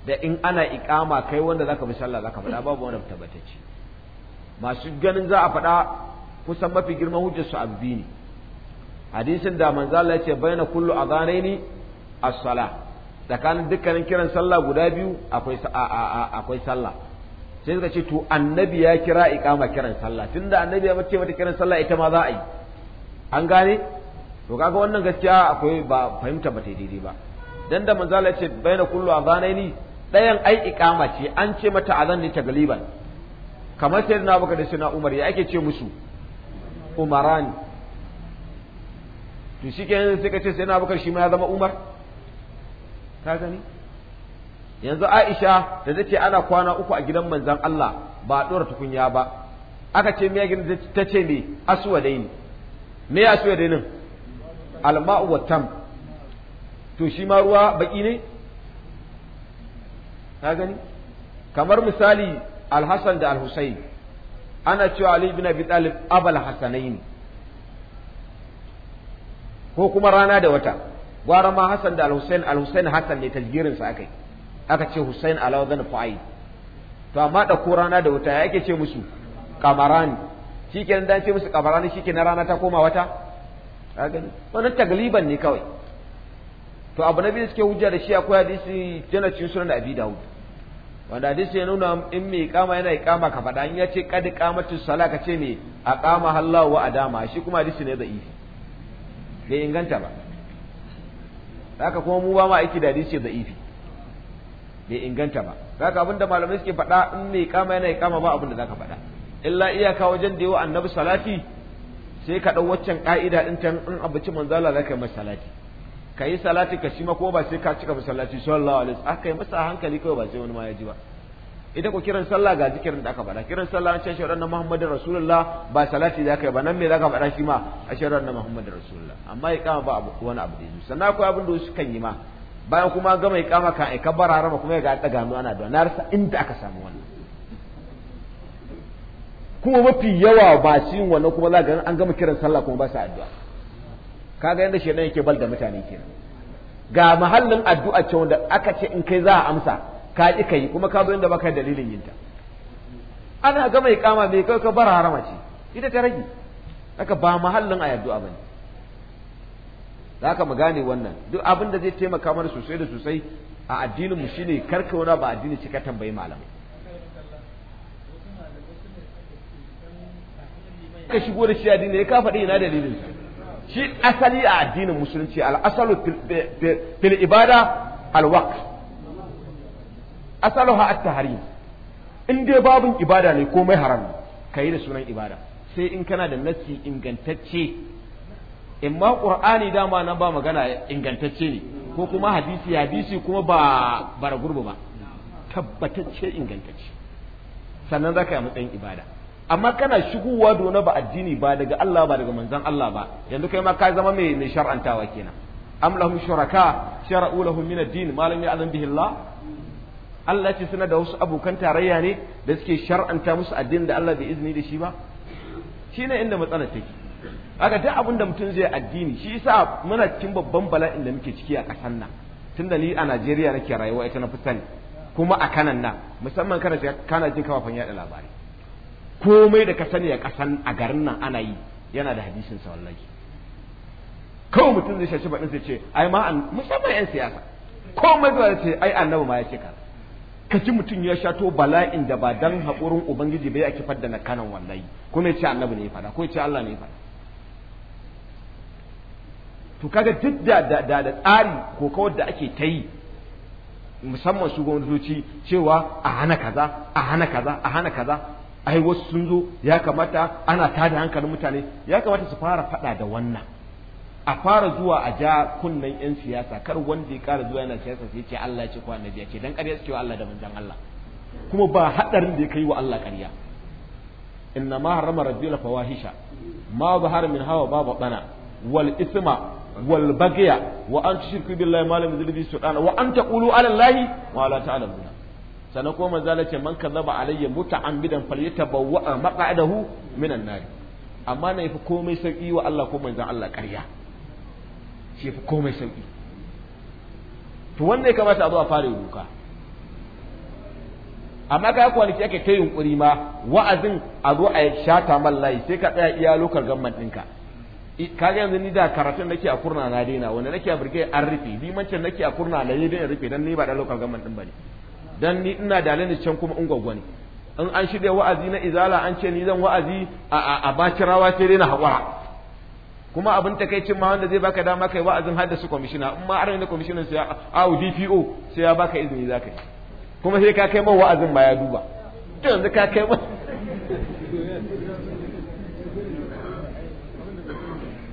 da in ana iqama kai wanda zaka bi sallah zaka faɗa babu wani abu tabbatacce masu ganin za a faɗa kusan mafi girman hujjar su abu ne hadisin da manzo Allah yace baina kullu adhanaini as-sala tsakanin dukkanin kiran sallah guda biyu akwai akwai sallah sai suka ce to annabi ya kira iqama kiran sallah tunda annabi ya bace mata kiran sallah ita ma za a yi an gane to kaga wannan gaskiya akwai ba fahimta ba daidai ba dan da manzo Allah yace baina kullu adhanaini dayan ai iqama ce an ce mata azan ne ta galiban kamar sai na baka da suna umar ya ake ce musu umarani to shi yanzu sai ka ce sai na baka shi ma ya zama umar ka gani yanzu aisha da ta ce ana kwana uku a gidan manzan Allah ba a ɗora tukunya ba aka ce miya gina ta ce me aswadaini me aswadainin alma'u wa to shi ma ruwa baki ne ka gani kamar misali alhassan da Al-Husayn ana cewa ali ibn abi talib abal hasanaini ko kuma rana da wata gwara ma hassan da Al-Husayn hassan ne sa akai aka ce Husayn alawdan fa'i to amma da ko rana da wata ya ce musu kamarani shikenan dan ce musu kamarani shikenan rana ta koma wata ka gani wannan tagliban ne kawai to abu na biyu suke hujja da shi akwai hadisi yana cikin sunan da abi dawud wanda hadisi ya nuna in mai kama yana ikama ka faɗa in ya ce kad kamatu sala ka ce ne kama Allahu wa adama shi kuma hadisi ne da'ifi bai inganta ba haka kuma mu ba ma aiki da hadisi da'ifi bai inganta ba haka abinda malamai suke faɗa in mai kama yana ikama ba abinda zaka faɗa illa iyaka wajen da yawa annabi salati sai ka ɗau waccan ka'ida ɗin can in abuci manzala za yi masa salati ka yi salati ka shi ma ko ba sai ka cika masallaci sallallahu alaihi wasallam aka yi masa hankali kawai ba sai wani ma ya ji ba Idan ko kiran sallah ga zikirin da aka bada kiran sallah an ce shi na muhammadin rasulullah ba salati da aka yi ba nan me zaka bada shi ma a shi na muhammadin rasulullah amma ya kama ba abu wani abu da yanzu sannan akwai abin da wasu kan yi ma bayan kuma gama ya kama kan aika bara rama kuma ya ga daga mu ana da na rasa inda aka samu wannan kuma mafi yawa ba shi wannan kuma za ga an gama kiran sallah kuma ba sa addu'a kaga yadda shi yake bal da mutane kenan ga mahallin addu'a ce wanda aka ce in kai za a amsa ka ki kai kuma ka zo inda baka dalilin yinta ana ga mai kama mai kai ka bar harama ce ita ta rage haka ba mahallin a addu'a bane ka mu gane wannan duk abin da zai taimaka mana sosai da sosai a addinin mu shine karka wani ba addini cika tambayi malamai ka shigo da shi addini ya ka faɗi ina dalilin sa shi asali a addinin musulunci al'asalu fil ibada Asalu asaluha at-tahrim in dai babin ibada ne komai haram kai da sunan ibada sai in kana da nassi ingantacce in ma qur'ani dama na ba magana ingantacce ne ko kuma hadisi hadisi kuma ba bara gurbu ba tabbatacce ingantacce sannan zaka yi matsayin ibada amma kana shigowa dona ba addini ba daga Allah ba daga manzon Allah ba yanzu kai ma ka zama mai mai shar'antawa kenan am lahum shuraka shar'u lahum min ad-din ma lam ya'lam bihi Allah Allah ce suna da wasu abokan tarayya ne da suke shar'anta musu addinin da Allah bai izini da shi ba shine inda matsalar take haka duk abin da mutum zai addini shi yasa muna cikin babban bala'in da muke ciki a kasan nan tunda ni a Najeriya nake rayuwa ita na fi sani kuma a kanan nan musamman kana kana jin kafafen yaɗa labarai komai da ka sani a kasan a garin nan ana yi yana da hadisin sa wallahi kawai mutum zai shashi baɗin sai ce ai ma an musamman yan siyasa komai zuwa ce ai annabi ma ya ce kaza ji mutum ya shato bala'in da ba dan haƙurin ubangiji bai ake fadda na kanan wallahi Ko ya ce annabi ne ya fada ko ya ce Allah ne ya fada to kaga duk da da da tsari ko kawar da ake ta yi musamman su gwamnatoci cewa a hana kaza a hana kaza a hana kaza ai wasu sun zo ya kamata ana tada hankalin mutane ya kamata su fara faɗa da wannan a fara zuwa a ja kunnen yan siyasa kar wanda ya kara zuwa yana siyasa sai ce Allah ya ce ko annabi ya ce dan ƙarya suke wa Allah da manzon Allah kuma ba hadarin da ya kai wa Allah ƙarya inna ma harrama rabbil fawahisha ma zahara min hawa babu bana wal isma wal bagya wa an tushriku billahi ma lam yuzil bihi wa an taqulu ala allahi wa la ta'lamuna sannan kuma manzo Allah ce man kazzaba alayya muta'ammidan falyatabawwa maq'adahu minan nar amma na yafi komai sauki wa Allah ko manzon Allah ƙarya shi yafi komai sauki to wanne ya kamata a zo a fara duka amma ka kwanaki ake ta yunkuri ma wa'azin a zo a shata man layi sai ka tsaya iya lokar gamman ɗinka ka ga yanzu ni da karatun nake a kurna na daina wanda nake a birge an rufe mancan nake a kurna na yi daina rufe dan ni ba da lokar gamman ɗin ba ne dan ni ina dalilin can kuma in gwaggwani in an shirya wa'azi na izala an ce ni zan wa'azi a a rawa sai dai na haƙura kuma abin takaicin ma wanda zai baka dama kai wa'azin har da su kwamishina in ma arin da kwamishinan sai a DPO sai ya baka izini zaka yi kuma sai ka kai man wa'azin ma ya duba to yanzu ka kai man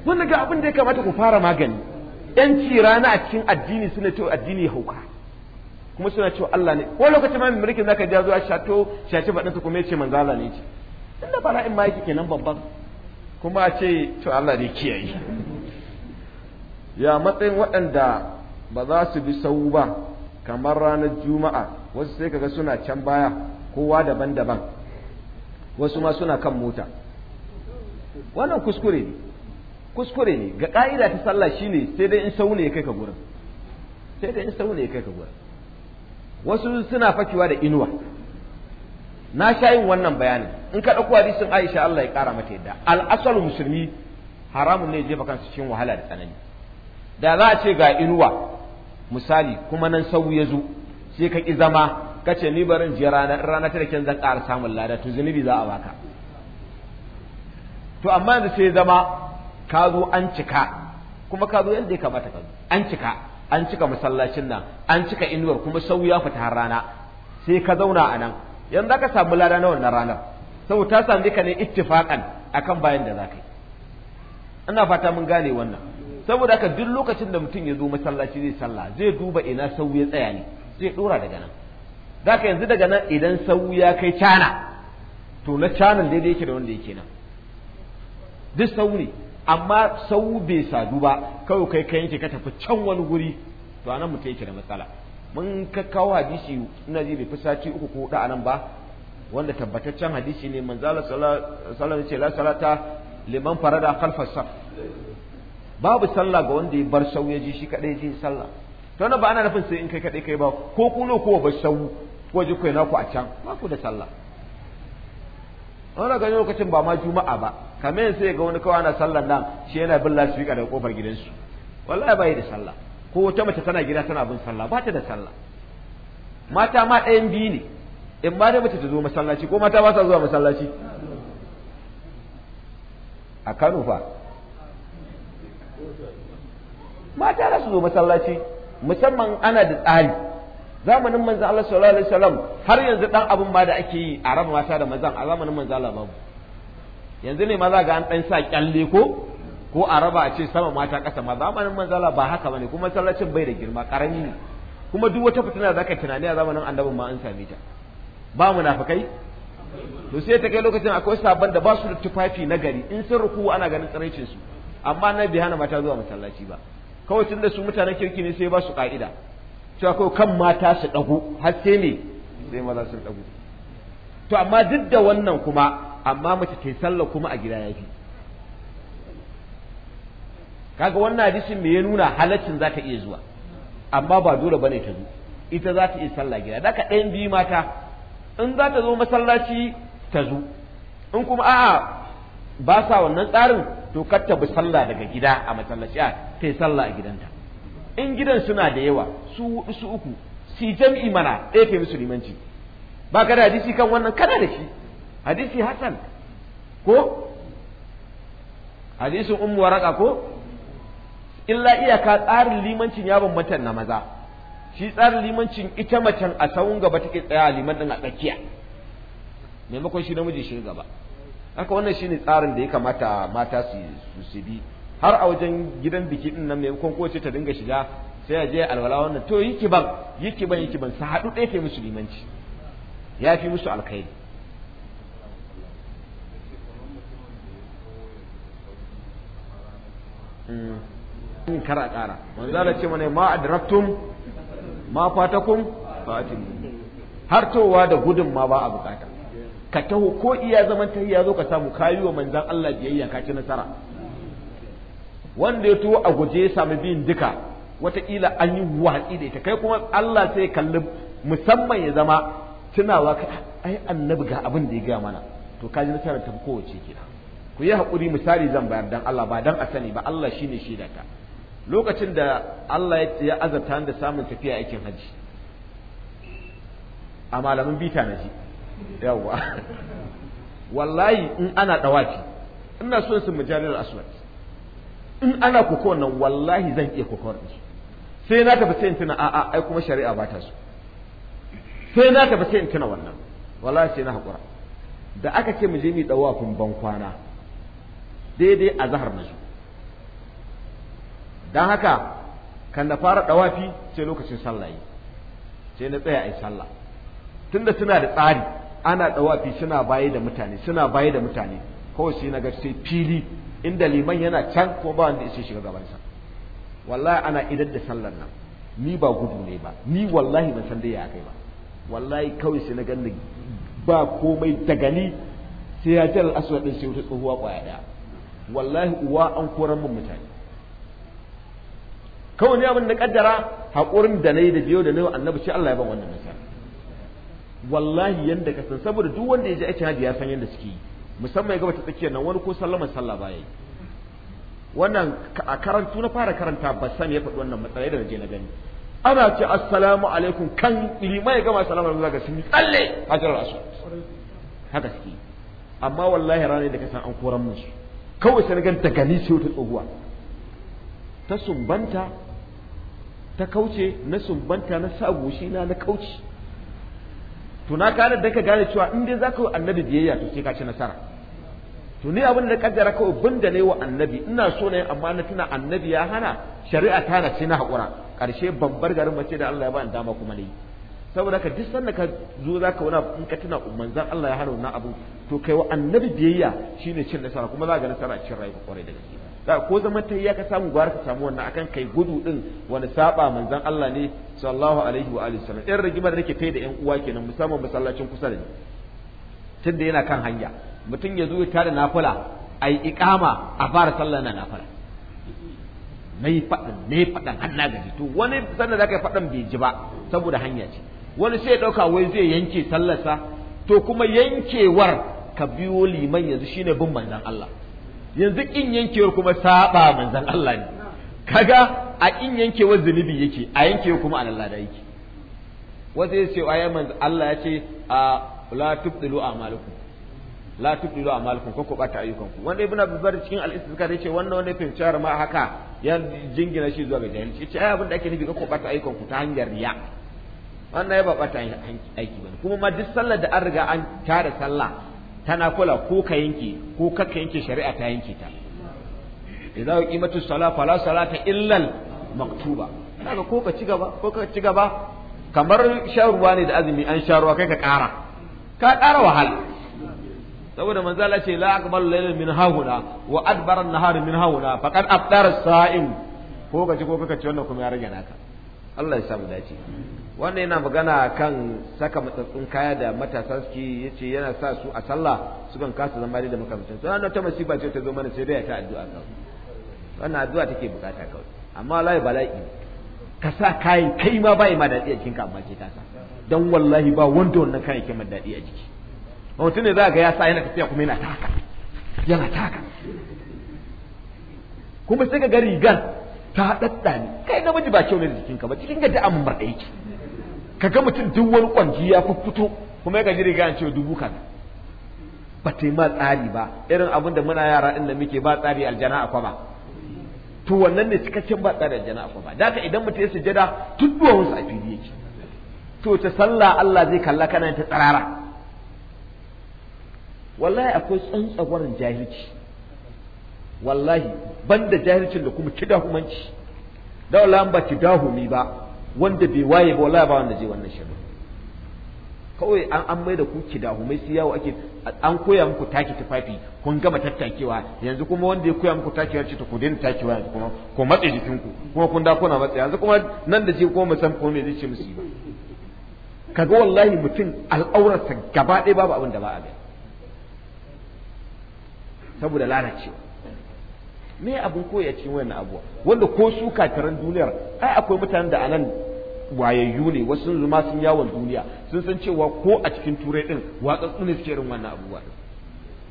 wannan ga abin da ya kamata ku fara magani yanci rana a cikin addini suna to addini hauka kuma suna cewa Allah ne ko lokacin ma mai mulkin zaka ji zuwa shato shaci faɗin su kuma yace manzo Allah ne ce inda bala'in ma yake kenan babban kuma a ce to Allah ne kiyaye ya matsayin waɗanda ba za su bi sau ba kamar ranar juma'a wasu sai kaga suna can baya kowa daban-daban wasu ma suna kan mota wannan kuskure ne kuskure ne ga ƙa'ida ta sallah shine sai dai in sau ne ya kai ka gurin sai dai in sau ne ya kai ka gurin wasu suna fakewa da inuwa na sha yin wannan bayanin in ka ɗauko hadisin Aisha Allah ya ƙara mata yadda asal musulmi haramun ne jefa kansu cikin wahala da tsanani da za a ce ga inuwa misali kuma nan sau ya zo sai ka ƙi zama ka ce ni barin je rana in rana ta da zan ƙara samun lada to zunubi za a baka to amma yanzu sai zama ka zo an cika kuma ka zo yadda ya kamata ka zo an cika an cika masallacin nan an cika inuwar kuma sau ya fita har rana sai ka zauna a nan yanzu ka samu lada na wannan ranar sau ta sami ka ne a akan bayan da za ka yi ina fata mun gane wannan saboda haka duk lokacin da mutum ya zo masallaci zai sallah zai duba ina sau ya tsaya ne zai dora daga nan za ka yanzu daga nan idan sau ya kai cana to na canan daidai yake da wanda yake nan duk sau ne amma sau bai sadu ba kawai kai kai yake ka tafi can wani guri to anan mutum yake da matsala mun ka kawo hadisi ina ji bai fi sati uku ko huɗu a nan ba wanda tabbataccen hadisi ne manzala sallallahu ce salata liman farada khalfa saf babu sallah ga wanda ya bar sau ya ji shi kadai ji sallah to na ba ana nufin sai in kai kadai kai ba ko ku ko ba sau ko ji kai naku a can ba ku da sallah wani ga lokacin ba ma juma'a ba kamar yanzu sai ga wani kawai na sallar nan shi yana bin lasifika daga kofar gidansu wallahi bai da sallah ko wata mace tana gida tana bin sallah ba ta da sallah mata ma ɗayan biyu ne in ba dai mace ta zo masallaci ko mata ba sa zuwa masallaci a Kano fa mata za su zo masallaci musamman ana da tsari zamanin manzo Allah sallallahu alaihi wasallam har yanzu dan abun ba da ake yi a raba mata da mazan a zamanin manzo Allah babu yanzu ne maza ga an dan sa kyalle ko ko a raba a ce sama mata ƙasa ma zamanin manzo Allah ba haka bane kuma sallacin bai da girma karami ne kuma duk wata fitina zaka tunani a zamanin annabin ma an same ta ba munafikai to sai ta kai lokacin akwai sabon da ba su da tufafi na gari in sun ruku ana ganin tsaraicin su amma na bihana mata zuwa masallaci ba kawai tunda su mutanen kirki ne sai ba su ka'ida cewa kawai kan mata su ɗagu har sai ne sai maza su ɗagu to amma duk da wannan kuma amma mace ta yi sallah kuma a gida ya kaga wannan hadisin me ya nuna halaccin za ta iya zuwa amma ba dole bane ta zo ita za ta iya sallah gida da ka ɗayan biyu mata in za ta zo masallaci ta zo in kuma a'a ba sa wannan tsarin to kar ta bi sallah daga gida a masallaci a ta yi sallah a gidanta in gidan suna da yawa su hudu su uku si jam'i mana ɗaya fi musu limanci ba ka da hadisi kan wannan kana da shi hadisi hasan ko hadisin ummu waraka ko illa iyaka tsarin limancin ya bambanta na maza shi tsarin limancin ita macen a sawun gaba take tsaya liman din a tsakiya maimakon shi namiji shi gaba haka wannan shine tsarin da ya kamata mata su su bi har a wajen gidan biki din nan mai kowace ta dinga shiga sai a je alwala wannan to yi kiban yi kiban yi kiban su haɗu dai kai musu limanci ya fi musu alkhairi hmm. in kara kara manzala ce mana ma adraktum ma fatakum fatim har towa da gudun ma ba a bukata ka taho ko iya zaman tahiya zo ka samu kayuwa manzan Allah biyayya ka ci nasara wanda ya tuwo a guje ya sami biyun duka wataƙila an yi watsi da ita kai kuma Allah sai kalli musamman ya zama tunawa ka ai annabi ga abin da ya gaya mana to ka ji nasarar ta kowace kenan ku yi haƙuri misali zan bayar dan Allah ba dan a sani ba Allah shine shaida ta lokacin da Allah ya azabta da samun tafiya aikin haji a malamin bita na ji yawwa wallahi in ana dawafi ina son su mujalil aswad in ana kokowar nan wallahi zan iya kokowar su. sai na tafi sai tuna a'a ai kuma shari'a ba ta so sai na tafi sai tuna wannan wallahi sai na haƙura da aka ce mu je mu ɗawafin ban kwana daidai a zahar na su. don haka kan da fara ɗawafi sai lokacin sallah sai na tsaya ai sallah tunda suna da tsari ana ɗawafi suna bayi da mutane suna bayi da mutane kawai sai na ga sai fili inda liman yana can ko ba wanda ya shiga gabansa wallahi ana idar da sallar nan ni ba gudu ne ba ni wallahi ban san dai ya kai ba wallahi kawai sai na ganni ba komai daga ni sai ya jar aswad din sai wata tsohuwa kwaya daya wallahi uwa an koran mun mutane kawai ne abin da kaddara haƙurin da nayi da biyo da nayi annabi shi Allah ya ban wannan nasara wallahi yanda ka san saboda duk wanda ya ji aikin hajji ya san yanda suke yi musamman ya gaba ta tsakiyar nan wani ko sallama sallah baya yi wannan a karantu na fara karanta ba sani ya faɗi wannan matsala da je na gani ana ce assalamu alaikum kan liman ya gama assalamu alaikum zaka sun tsalle hajar asu haka suke amma wallahi rana da ka san an koran musu kawai sai na ta gani ce wata tsohuwa ta sumbanta ta kauce na sumbanta na sa goshi na na kauce to na kana da ka gane cewa in dai zaka yi annabi biyayya to sai ka ci nasara to ni abin da kaddara kawai bin da ne wa annabi ina so ne amma na tuna annabi ya hana shari'a ta na ce na haƙura ƙarshe babbar garin mace da Allah ya ba dama kuma ne saboda ka duk sanda ka zo za ka wani in ka tuna manzan Allah ya hana wannan abu to kai wa annabi biyayya shine cin nasara kuma za ka ga nasara a cikin rayuwa kwarai da gaske da ko zama ta ka samu gwara ka samu wannan akan kai gudu din wani saba manzan Allah ne sallallahu alaihi wa alihi wasallam irin rigimar da nake fai da ƴan uwa kenan musamman masallacin kusa da ni tunda yana kan hanya mutum ya zo ya tada a yi ikama a fara sallah na na yi fadan na yi faɗin na gaji to wani za zaka yi faɗin bai ji ba saboda hanya ce wani sai ya dauka wai zai yanke sallarsa to kuma yankewar ka biyo liman yanzu shine bin manzan Allah yanzu in yankewar kuma saba manzan Allah ne kaga a in yankewar zunubi yake a yankewar kuma da yake wasu ya ce ayi Allah ya ce a la a a'malukum la tubdilu amalukum ko ku bata ayyukanku wanda ibnu abdulbar cikin al-istizkar yace wannan wanda yake fahimci ma haka ya jingina shi zuwa ga jahilci yace ai abin da ake nufi ko ku bata ayyukanku ta hanyar riya wannan ya ba bata aiki bane kuma ma duk sallar da an riga an tare sallah tana kula ko ka yanke ko kakka yanke shari'a ta yanke ta idza qimatu salat fala salata illa maktuba kaga ko ka ci gaba ko ka ci gaba kamar sharuwa ne da azumi an sharuwa kai ka ƙara ka ƙara wahala saboda manzo Allah ce la aqbalu laylan min hahuna wa adbara an-nahar min hahuna faqad afṭara as-sa'im ko ka ko kaka ci wannan kuma ya rage naka Allah ya samu dace wannan yana magana kan saka matsatsun kaya da matasa suke yace yana sa su a sallah sukan kasa zama da makamantan to wannan ta masiba ce ta zo mana sai dai ta addu'a kawai wannan addu'a take bukata kawai amma wallahi bala'i ka sa kayan kai ma ba ma daɗi a jikinka amma ke sa dan wallahi ba wanda wannan kayan ke daɗi a jiki mutum ne za ga ya sa yana tafiya kuma yana taka yana taka kuma sai ka ga rigar ta ne kai na miji ba kyau ne da jikinka ba jikinka da an marɗa yake ka ga mutum duk wani kwanji ya fito kuma ya gaji riga cewa dubu kan ba ta yi ma tsari ba irin abin da muna yara inda muke ba tsari aljana a kwaba to wannan ne cikakken ba tsari aljana a kwaba da haka idan mutum ya sujada tudduwa wasu a fili yake to ta sallah Allah zai kalla kana ta tsarara wallahi akwai tsantsagwarin jahilci wallahi banda jahilcin da kuma humanci da wallahi ba ki humi ba wanda bai waye ba wallahi ba wanda je wannan shirin kawai an an mai da ku humai sai yawo ake an koya muku taki tufafi kun gama tattakewa yanzu kuma wanda ya koya muku taki ce ta ku daina takewa yanzu kuma ku matse ku kuma kun da kuna matse yanzu kuma nan da ji kuma mu san ko me zai ce musu yi kaga wallahi mutum al'aurarsa gaba ɗaya babu abin da ba a gani saboda lalacewa me abin koyi a cikin wannan abuwa wanda ko su kataran duniyar ai akwai mutanen da anan wayayyu ne wasu sun zuma sun yawon duniya sun san cewa ko a cikin turai din watsatsu ne suke irin wannan abubuwa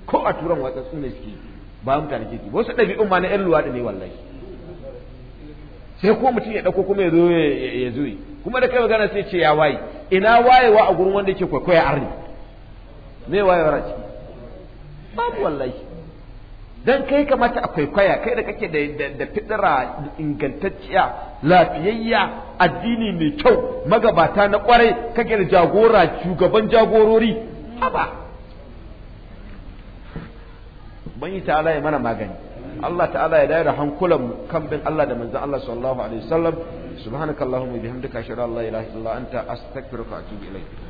ko a turan watsatsu ne suke ba mutane ke wasu ɗabi'un ma na ƴan luwaɗi ne wallahi sai ko mutum ya ɗauko kuma ya zo ya zo kuma da kai magana sai ce ya waye ina wayewa a gurin wanda yake kwaikwaya arni me wayewar a ciki babu wallahi dan kai kamata a kwaikwaya kai da kake da da fitira ingantacciya lafiyayya addini mai kyau magabata na kwarai kake da jagora shugaban jagorori haba ban yi ta'ala ya mana magani Allah ta'ala ya dawo da hankulan kan bin Allah da manzon Allah sallallahu alaihi wasallam subhanakallahumma bihamdika ashhadu an la ilaha illa anta astaghfiruka wa atubu ilaik